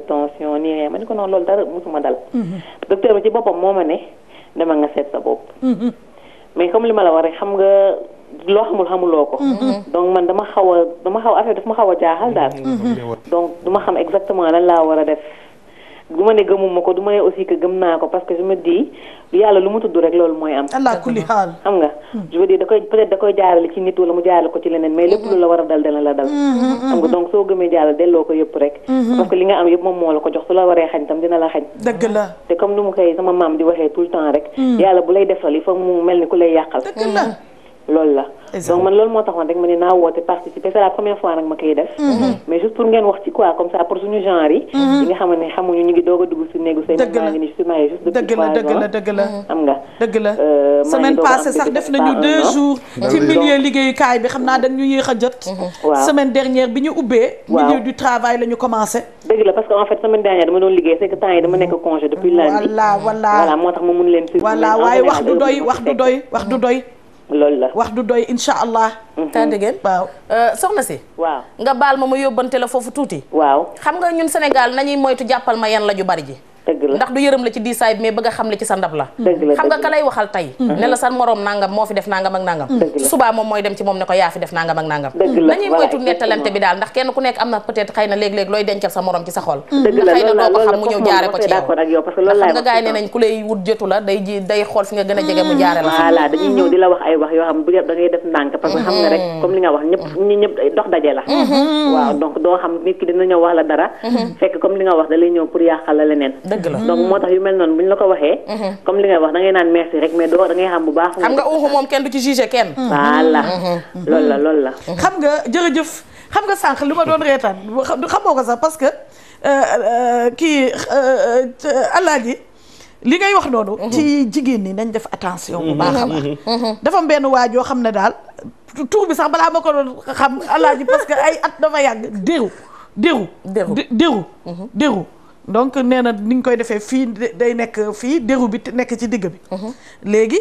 ma ne ko loolu dara musuma dal. Mm-hmm. docteur bi ci boppam moo ma ne dama nga seet sa bopp. Mm-hmm. mais comme li ma la wax rek xam nga loo xamul xamuloo ko. donc man dama xaw a dama xaw a affaire daf ma xaw a jaaxal daal. donc duma xam exactement lan laa war a def. du ma ne gëmuma ko du may aussi que gëm naa ko parce que je me dis yàlla lu mu tudd rek loolu mooy am. allah kulli xaal xam nga. Hmm. je veux dire da koy peut-être da koy jaarale ci nit wala mu jaarale ko ci leneen mais lépp lu la war a dal dana la dal. Hmm, hmm, xam nga donc soo gëmee yàlla delloo ko yëpp rek. parce que li nga am yëpp moom moo la ko jox su la waree xañ tam dina la xañ. dëgg la te comme nu mu koy sama maam di waxee tout le temps rek. yàlla bu lay defal il faut mu mel ni ku lay yàqal. dëgg la loolu la donc man loolu moo taxoon rek ma ne naa woote participer c'est la première fois nag ma koy def mm-hmm. mais juste pour ngeen wax ci quoi comme ça pour suñu genre yi yi mm-hmm. nga xam ne xamuñu ñu ngi doog a dugg si néegu sëy dëgg la ni sumay juste dëgg la dëgg la dëgg la mm-hmm. am nga dëgg la euh, semaine passée sax def nañu deux jours ah ci milieu liggéeyukaay bi xam naa dañ ñu yéex a jot semaine dernière bi ñu ubbee milieu du travail la ñu commencé dëgg la parce que en fait semaine dernière dama doon liggéey c'est que temps yi dama nekk congé depuis lundi voilà waaye wax du wax du wax du doy loolu la wax du doy incha allah. Mhm. taa dëggeen waaw. Euh, soxna si. waaw nga baal ma ma yóbbante la foofu tuuti. waaw xam nga ñun Sénégal nañuy moytu jàppal ma yan la ju bari ji. dëgg ndax du yërëm la ci diisaay bi mais bëgg xam la ci sa ndab la xam nga ka lay waxal tey mm-hmm. ne sa moroom nangam moo fi def nangam ak nangam su moom mooy dem ci moom ne ko yaa fi def nangam ak nangam dañuy moytu nettalante bi daal ndax kenn ku nekk am na peut-être na léeg-léeg looy dencal sa moroom ci sa xol mm-hmm. ndax xëy na ku lay wut jotu la day ji fi nga gën a jege mu mm-hmm. jaare la dañuy ñëw di la wax ay wax yoo xam bu da def ndànk parce que dëgg la mm-hmm. donc moo tax yu mel noonu bu ñu la ko waxee mm-hmm. comme li ngay wax da ngay naan merci rek mais doo da ngay xam bu baax xam nga uxu moom kenn du ci jugé mm-hmm. la loolu la xam nga jërëjëf xam nga sànq li ma doon reetaan xamoo ko sax parce que euh, euh, kii euh, alaaji li ngay wax noonu ci jigéen ñi dañ def attention bu baax a baax dafa am benn waay joo xam ne daal tuur bi sax balaa ma ko doon xam alaaji parce que ay at dafa yàgg déru déru déru déru déru donc nee na ni ñu koy defee fii day nekk fii déru bi nekk ci digg bi. Mhm. léegi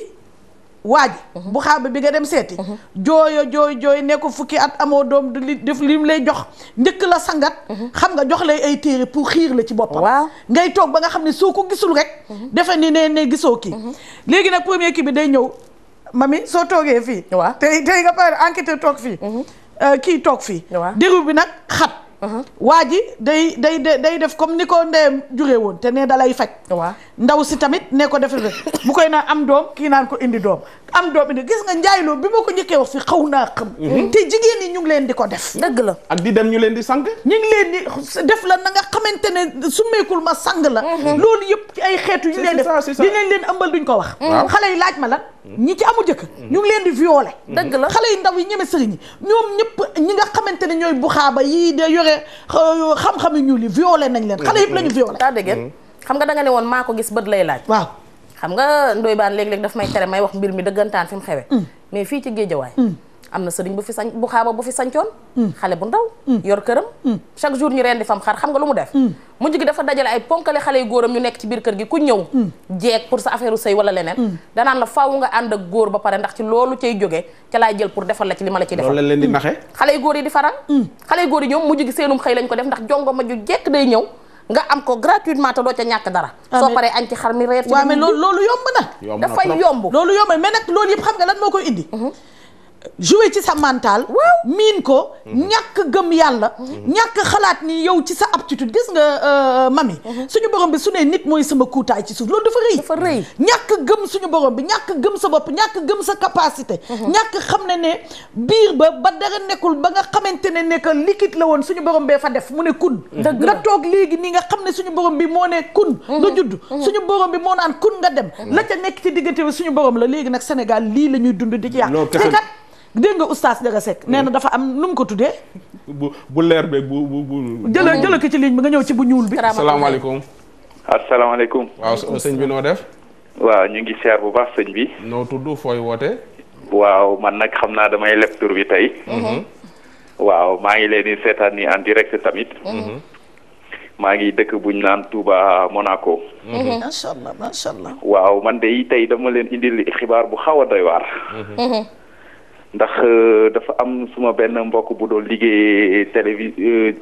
waaj. Mhm. bu xaaba bi nga dem seeti. Mhm. jooyo jooy jooy nekk fukki at amoo doom du li def lim lay jox njëkk la sangat. xam nga jox lay ay téere pour xiir la ci boppam. waaw ngay toog ba nga xam ne soo ko gisul rek. defe ni ne ne gisoo kii. léegi nag premier kii bi day ñëw mami soo toogee fii. waaw tey tey nga pare enquêteur toog fii. Euh, kii toog fii. déru bi nag xat. Uh-huh. waa ji day day day def comme ni ko ndeyam juree woon te ne dalay faj. ndaw si tamit ne ko defee bu koy naan am doom kii naan ko indi doom am doom indi gis nga njaay njaayloo bi ma ko njëkkee wax si xaw naa xam. Mm-hmm. te jigéen ñi ñu leen di ko def. dëgg la ak di dem ñu leen di sang. ñu ngi leen di def la na nga xamante ne summeekul ma sang la. Mm-hmm. loolu yëpp ci ay xeetu yu leen def dinañ leen ëmbal duñ ko wax. xale yi laaj ma lan. ñi ci amul jëkk ñu leen di violé dëgg la xale yu ndaw yi ñeme sëriñ yi ñoom ñëpp ñi nga xamante ne ñooy bu xaaba yi de yore xam-xam yu ñuul yi violé nañ leen xale yëpp la ñu mm-hmm. violé taa dëgg xam nga da nga ne woon maa ko gis bët lay laaj waaw xam nga ndoy baan léeg-léeg daf may tere may wax mbir mi dëggantaan fi mu xewe mm. mais fii ci géejawaay mm. am na sëriñ bu fi bu xaaba bu fi sañcoon hmm. xale bu ndaw hmm. yor këram hmm. chaque jour ñu rendi fam xar xam nga lu mu def mujj gi dafa dajale ay ponkale xale yu góoram ñu nekk ci biir kër gi ku ñëw jeeg pour sa affaire sëy wala leneen danaan la faaw nga ànd ak góor ba pare ndax ci loolu cay jóge ca laay jël pour defal la ci li ma la ci defal la leen di naxe xale yu góor yi di faral xale yu góor yi ñoom mujj gi seenum xëy lañ ko def ndax jongo ma ju jekk day ñëw nga am ko gratuitement te doo ñàkk dara soo paree añ ci xar mi loolu loolu yomb na dafay yomb loolu yomb mais loolu yëpp xam nga lan moo koy indi mhm. jouer ci sa mental. miin ko mhm. ñàkk gëm yàlla. Mhm. ñàkk xalaat ni yow ci sa aptitude gis nga euh, mami. Mhm. suñu borom bi su ne nit mooy sama kuutaay ci su loolu dafa rëy. dafa rëy ñàkk gëm suñu borom bi ñàkk gëm sa bopp ñàkk gëm sa capacité. ñàkk xam ne ne biir ba ba dara nekkul ba nga xamante ne nekk que liquide la woon suñu borom bee fa def mu ne kun. dëgg la nga toog léegi nii nga xam ne suñu borom bi moo ne kun. nga judd suñu borom bi moo naan kun nga dem. la ca nekk ci diggante bi suñu borom la nag Sénégal lii la ñuy dund di ci yàq. dégg nga oustaz Ndiaga Seck nee na dafa am nu mu ko tuddee. bu bu leer be bu bu bu. jëlee jëlee ko ci ligne bi nga ñëw ci bu ñuul bi. salaamaaleykum. asalaamaaleykum. waaw sëñ bi noo def. waaw ñu ngi seer bu baax sëñ bi. noo tudd fooy woote. waaw man nag xam naa damay leb tur bi tey. Mm-hmm. waaw maa ngi leen di seetaan ni en direct tamit. Mm-hmm. maa ngi dëkk buñ naan Touba Monaco. Mm-hmm. macha allah macha waaw man de tey dama leen indil xibaar bu xaw a doy waar. ndax euh, dafa am suma benn mbokk bu doon liggéey télévision euh,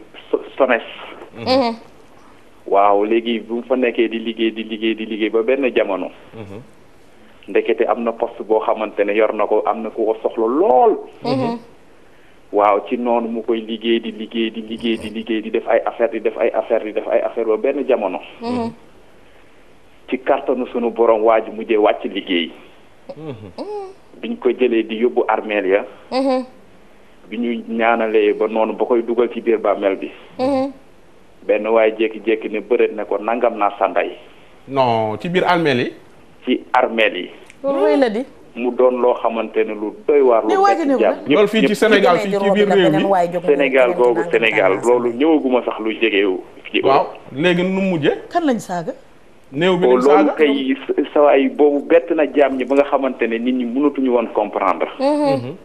SONES mhm. waaw léegi bu mu fa nekkee di liggéey di liggéey di liggéey ba benn jamono mhm. ndekete am na post boo xamante ne yor na ko am na ku ko soxla lool mhm. waaw ci noonu mu koy liggéey di liggéey di liggéey di liggéey di def ay affaire di def ay affaire di def ay affaire ba benn jamono ci kàttanu sunu borom waa ji mujjee wàcc liggéey biñ ko jëlee di yóbbu armeel ya mm-hmm. bi ñu ñaanalee ba noonu ba koy dugal ci biir bàmmeel bi mm-hmm. benn waaye jékki-jékki ne bërët ne ko nangam naa sa ndey non ci biir armeel yi ci armeel yi loolu mu doon loo xamante ne lu waar lu jàpp loolu ci Sénégal fii ci biir réew mi Sénégal googu Sénégal loolu ñëwaguma sax lu jegewu waaw léegi nu mujje kan lañ saaga néew bi loolu kay sawaay boobu bett na jaam ñi ba nga xamante ne nit ñi mënatuñu woon comprendre. Mhm. Mhm.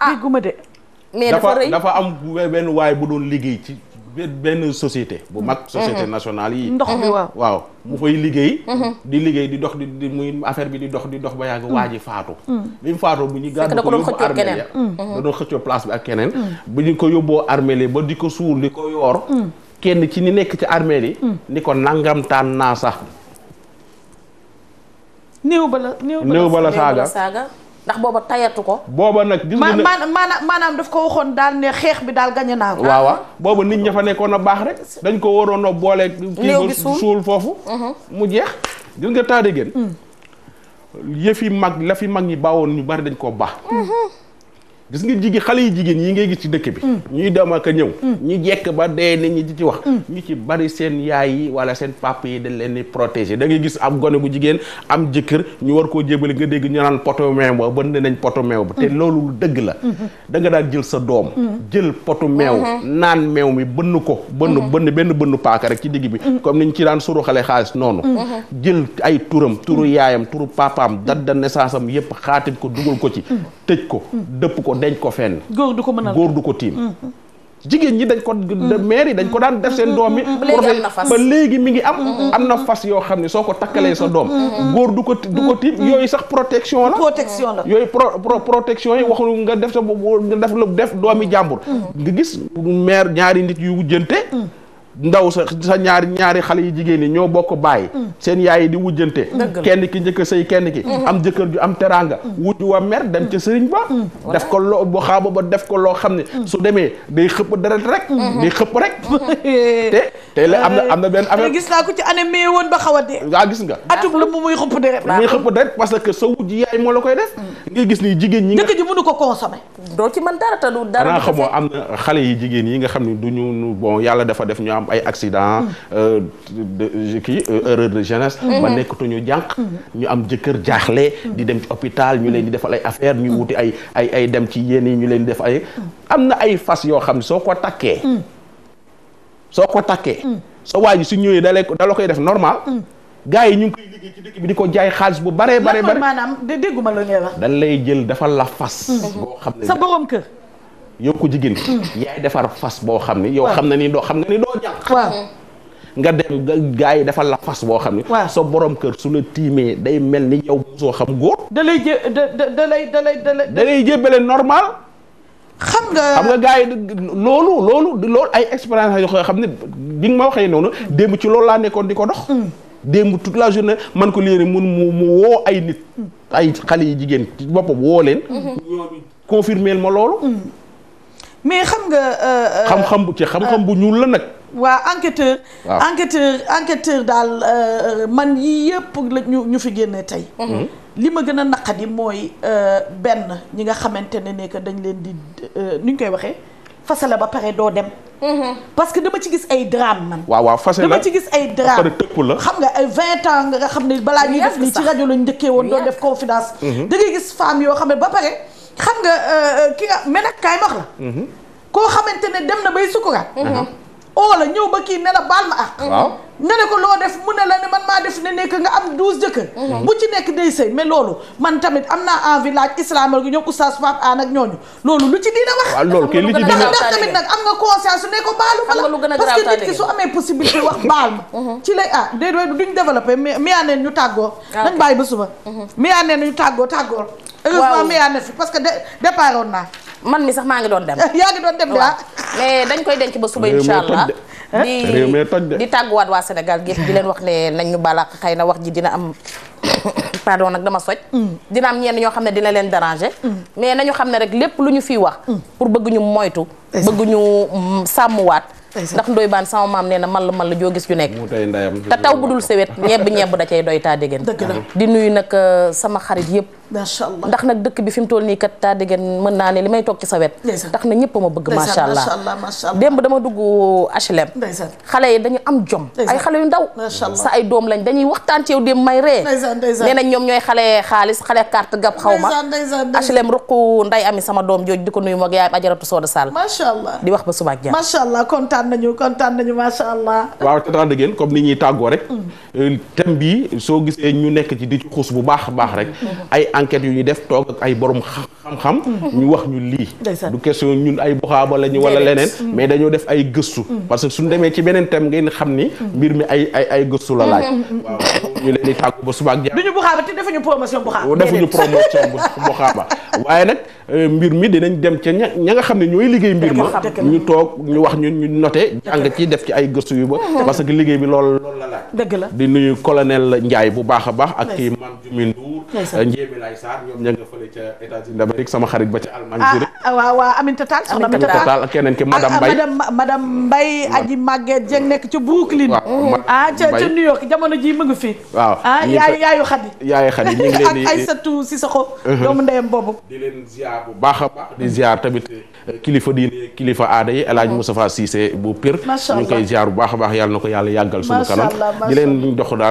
ah dégguma de. dafa dafa am benn waaye bu doon liggéey ci. benn société bu mag mhm. société nationale yi ndox bi mhm. waaw mu fay liggéey mhm. di liggéey di dox di muy affaire bi di dox di dox ba yàgg waa ji faatu bi faatoo bu ñu gàddu ko doon xëccoo place bi ak keneen bu ñu ko yóbboo armée ba di ko suul di ko yoor kenn ci ni nekk ci armée yi ni ko nangamtaan naa sax néew bala néew bala saaga ndax booba tayatu ko. booba nag gis nga ne maanaam maanaam daf ko waxoon daal ne xeex bi daal gañe naa ko. booba nit ña fa nekkoon a baax rek. dañ ko waroon a boole. néew bi suul foofu. Mhm. mu jeex gis nga taa de gën. Mm. yëfi mag la fi mag ñi baawoon ñu bari dañ koo baax. Mhm. gis nga jigéen xale yi jigéen yi ngay gis ci dëkk bi mm. ñuy dem ak a ñëw mm. ñu jekk ba dee nit ñu di ci wax mm. ñu ci bari seen yaay yi wala seen papa yi dañ leen di protéger da ngay gis am gone bu jigéen am jëkkër ñu war koo jébale nga dégg ñu naan poto meew ba ba ne nañ poto meew ba te loolu dëgg la mm-hmm. da nga daan jël sa doom jël potu meew mm-hmm. naan meew mi bënn ko bënn mm-hmm. bënn benn bënn paaka rek ci digg bi comme niñ ci daan suru xale xaalis noonu jël ay turam turu yaayam turu papaam date de naissance yëpp xaatim ko dugal ko ci tëj ko dëpp ko dañ ko fenn. góor du ko mën a góor du ko tiim. Mm-hmm. jigéen ñi dañ ko mm-hmm. maire yi dañ ko daan def seen mm-hmm. doom yi ba léegi mi ngi am am na fas yoo xam ne soo ko takkalee sa doom góor du ko du ko tiim yooyu sax protection la protection la yooyu protection yi waxu nga def sa nga def la def doomi jàmbur nga gis maire ñaari nit yu wujjante ndaw sa sa ñaari ñaari xale yi jigéen ñi ñoo bokk bàyyi mm. seen yaay yi di wujjante kenn ki njëkk say kenn ki mm. am jëkkër ju am teraanga mm. wujj wa mer dem ca sëriñ ba def ko loo bu xaaba ba def ko loo xam ne su demee day xëpp deret rek mm-hmm. day xëpp rek eh. te la am na am na benn eh, affaire gis naa ko ci année mais ba xaw a dee ah, gis nga atub la bu muy xëpp deret xëpp deret parce que sa wujj yaay moo la koy def ngay gis ni jigéen ñi nga dëkk ji mënu ko doo ci mën dara te du dara am na xale yi jigéen yi nga xam ne duñu bon yàlla defa def ñu am ay accident euh, kii euh, erreur de jeunesse mm-hmm. ba nekkatuñu jànq mm-hmm. ñu am jëkkër jaaxle di dem ci hôpital ñu leen di defal ay affaire ñu wuti ay ay dem ci yéen yi ñu leen di def ay mm-hmm. am na ay fas yoo xam ne soo ko takkee soo ko takkee sa waa ji su ñëwee da la koy def normal gars yi ñu koy liggéey ci dëkk bi di ko jaay xaalis bu bare bare bare maanaam dégguma la dañ lay jël defal la fas boo sa borom kër yow ko jigéen mm. yaay defar fas boo xam ni yow xam na ni doo xam nga ni doo jànq waaw nga dem gars yi defal la fas boo xam ni soo borom kër su la tiimee day mel ni yow soo xam góor da lay jë da lay da lay normal xam nga xam nga gars yi loolu loolu loolu ay expérience yoo xam ne bi nga ma waxee noonu mm. démb ci loolu laa nekkoon di ko dox mm. démb toute la journée man ko léegi mun mu mu woo ay nit ay xale yi jigéen bopp boppam woo leen mm-hmm. confirmeel ma loolu mais xam nga. Euh, euh, xam-xam bu ci xam bu ñuul la nag. waa enquêteur. waaw enquêteur enquêteur daal euh, man yii yëpp la ñu ñu fi génnee tey. Mhm. li ma gën a naqadi mooy benn ñi nga xamante ne ne que dañ leen di nu ñu koy waxee fasala ba pare doo dem. Mhm. parce que dama ci gis ay drame man. waaw waaw fasala dama ci gis ay drame la. xam nga ay vingt ans nga xam ne balaa ñuy def nii ci rajo lañ dëkkee woon doon def confidence. Mhm. da ngay gis femme yoo xam ne ba pare. xam nga euh, euh, ki nga mais nag kaay wax la. Mm-hmm. koo xamante ne dem na bay sukuraat. Mm-hmm. oo ñëw ba kii ne baal ma ak waaw ko loo def mu ne la ne man maa def ne nekk nga am douze jëkkër mhm. bu ci nekk day sëy mais loolu man tamit am naa envie laaj islamal gi ñoom oustaz Pape An ak lu ci diina wax waaw ndax tamit nag am nga conscience su ne baalu ma la parce que nit ki su amee possibilité wax baal ma mhm. ci lay ah déedéet duñ développé miyaa neen ñu tàggoo ah, nañ bàyyi ba suba miyaa mhm. ñu tàggoo tàggoo parce que départ naa man mi sax maa ngi doon dem. yaa ngi doon dem ah. waaw mais dañ koy denc ba suba incha allah. Ah, di di tàgguwaat waa Sénégal gépp di leen wax ne nañ ñu balaa xëy na wax ji dina am pardon nag dama soj. Mm. dina am ñenn ñoo xam ne dina leen déranger. Mm. mais nañu xam ne rek lépp lu ñu fiy wax. Mm. pour bëgguñu moytu. bëgg ñu sàmmuwaat. ndax ndoy baan sama maam nee na mall mall joo gis ju nekk te taw bu dul sewet ñebb ñebb da cay doy taa déggen di nuyu nag euh, sama xarit yëpp ndax nag dëkk bi fi mu toll nii kat taa déggen mën naa ne li may toog ci sa wet tax na ñëpp ma bëgg macha allah démb dama dugg HLM xale yi dañu am jom xale yu ndaw sa ay doom lañ dañuy waxtaan ci yow may ree nee nañ ñoom ñooy xale xaalis xale carte gab xaw ma HLM ruqu nday ami sama doom jooju di ko nuyu moog yaay ajaratu sooda sall di wax ba subaak jàmm kontaan nañu kontaan nañu macha allah. waaw te daan ngeen ni ñuy tàggoo rek. Mm. Euh, thème bi soo gisee ñu nekk ci di ci bu baax baax rek. Mm. Mm. ay yu ñuy def toog ak ay borom xam-xam. ñu wax ñu lii. du question ñun ay buxaaba lañu wala leneen. mais dañoo def ay gëstu. parce que suñu demee ci beneen thème ngeen xam ni. mbir mi ay la laaj. waaw ñu leen di tàggu ba suba ak. du ñu buxaaba te defuñu promotion buxaaba. defuñu promotion buxaaba waaye nag. Euh, mbir mi dinañ dem ca ña ña nga xam ne ñooy liggéey mbir ma ñu toog ñu wax ñu ñu noté jàng def ci ay gëstu yu ba parce que liggéey bi loolu la laaj dëgg la di nuyu colonel bu baax a baax ak kii man Jumi Ndour euh, Ndiémi Lay Sarr ñoom ña nga fële ca États-Unis d'Amérique sama ba ca Allemagne bi ah, rek ah, waaw waaw Aminata Tall soxna Aminata Tall ak keneen ki ah, madame Mbaye madame Mbaye aji Maguette Dieng nekk ca Brooklyn ah ca ca New York jamono ji mu fi waaw yaay yaayu Xadi yaayu Xadi ñu ngi leen di ak Aïssatou uh-huh. doomu ndeyam boobu ziar bu baax a baax di ziar tamit eh, kilifa diine kilifa aada yi El Hadj Moustapha Cissé bu Pire. macha allah ñu ngi koy ziar ko yàlla yàggal. sunu kanam di leen dox mhm.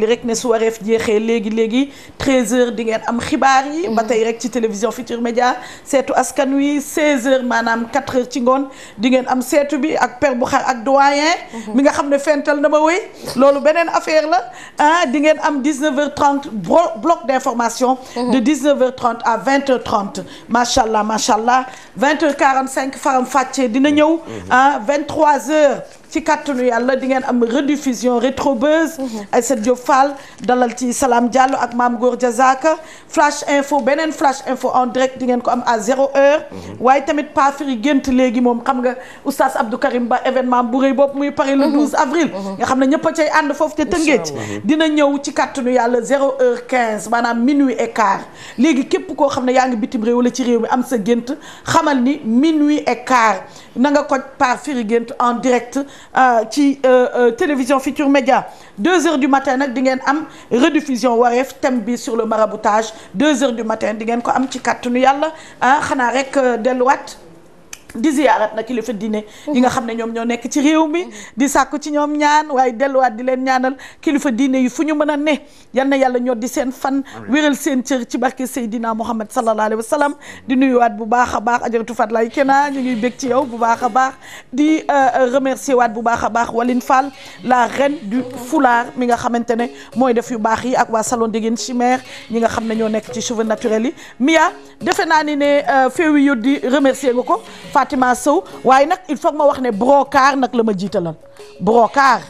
euh, rek ne su wareef jeexee léegi léegi 13h di ngeen am xibaar yi. Mhm. ba rek ci télévision Futur Média seetu askan wi 16h maanaam 4h ci ngoon di ngeen am seetu bi ak per ak doyen. Mhm. mi nga xam ne fental na ma wéy loolu beneen affaire la. ah di ngeen am 19h30 bloc d'information. Mhm. de 19h30 à 20h30 macha allah macha allah 20h45 faram fàccee dina ñëw. Mhm. ah 23h. ci kàttanu yàlla di ngeen am rediffusion rétrobeuse mhm. Aïssatou Diop Fall dalal ci salaam Diallo ak Mame Goor Diazaka flash info beneen flash info en direct di ngeen ko am à zéro heure mhm. waaye tamit par paafiri gént léegi moom xam nga oustaz Abdou Karim Ba événement bu rëy boobu muy Paris le 12 mhm. avril nga xam ne ñëpp a cay ànd foofu te tëngeej dina ñëw ci kàttanu yàlla zéro heure quinze maanaam minuit et quart léegi képp koo xam ne yaa ngi bitim réew la ci réew mi am sa gént xamal ni minuit et quart na nga ko paafiri gént en direct Euh, ci euh, euh, télévision Futur Média 2 heures du matin nag di ngeen am rediffusion wareef thème bi sur le maraboutage 2 heures du matin di ngeen ko am ci kàttanu yàlla ah xanaa rek delluwaat. di ziyaarat na kilifa diine yi nga xam ne ñoom ñoo nekk ci réew mi di sàkku ci ñoom ñaan waaye delluwaat di leen ñaanal kilifa diine yi fu ñu mën a ne yal na yàlla ñoo di seen fan wéral seen cër ci barke Seydina Muhammad sallallahu alayhi wa sallam di nuyuwaat bu baax a baax ajaratu fat lay kena ñu ngi bég ci yow bu baax a baax di euh, remercier waat bu baax a baax Walin Fall la ren du foulard mi nga xamante ne mooy def yu baax yi ak waa salon Déguène Chimère ñi nga xam ne ñoo nekk ci cheveux naturels yi Mia defe naa ni ne euh, féewi yót di remercier nga ko Fatima Sow waaye nag il faut ma wax ne brocard nag la ma jiitalal brocard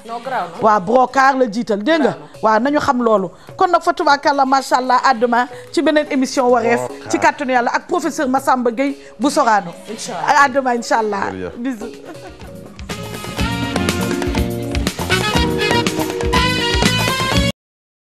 waaw brocard la jiital dégg nga waa nañu xam loolu kon nag fa tubaakàlla macha allah à demain ci beneen émission wareef ci kàttanu yàlla ak professeur Massamba Gueye bu Sorano a demain incha allah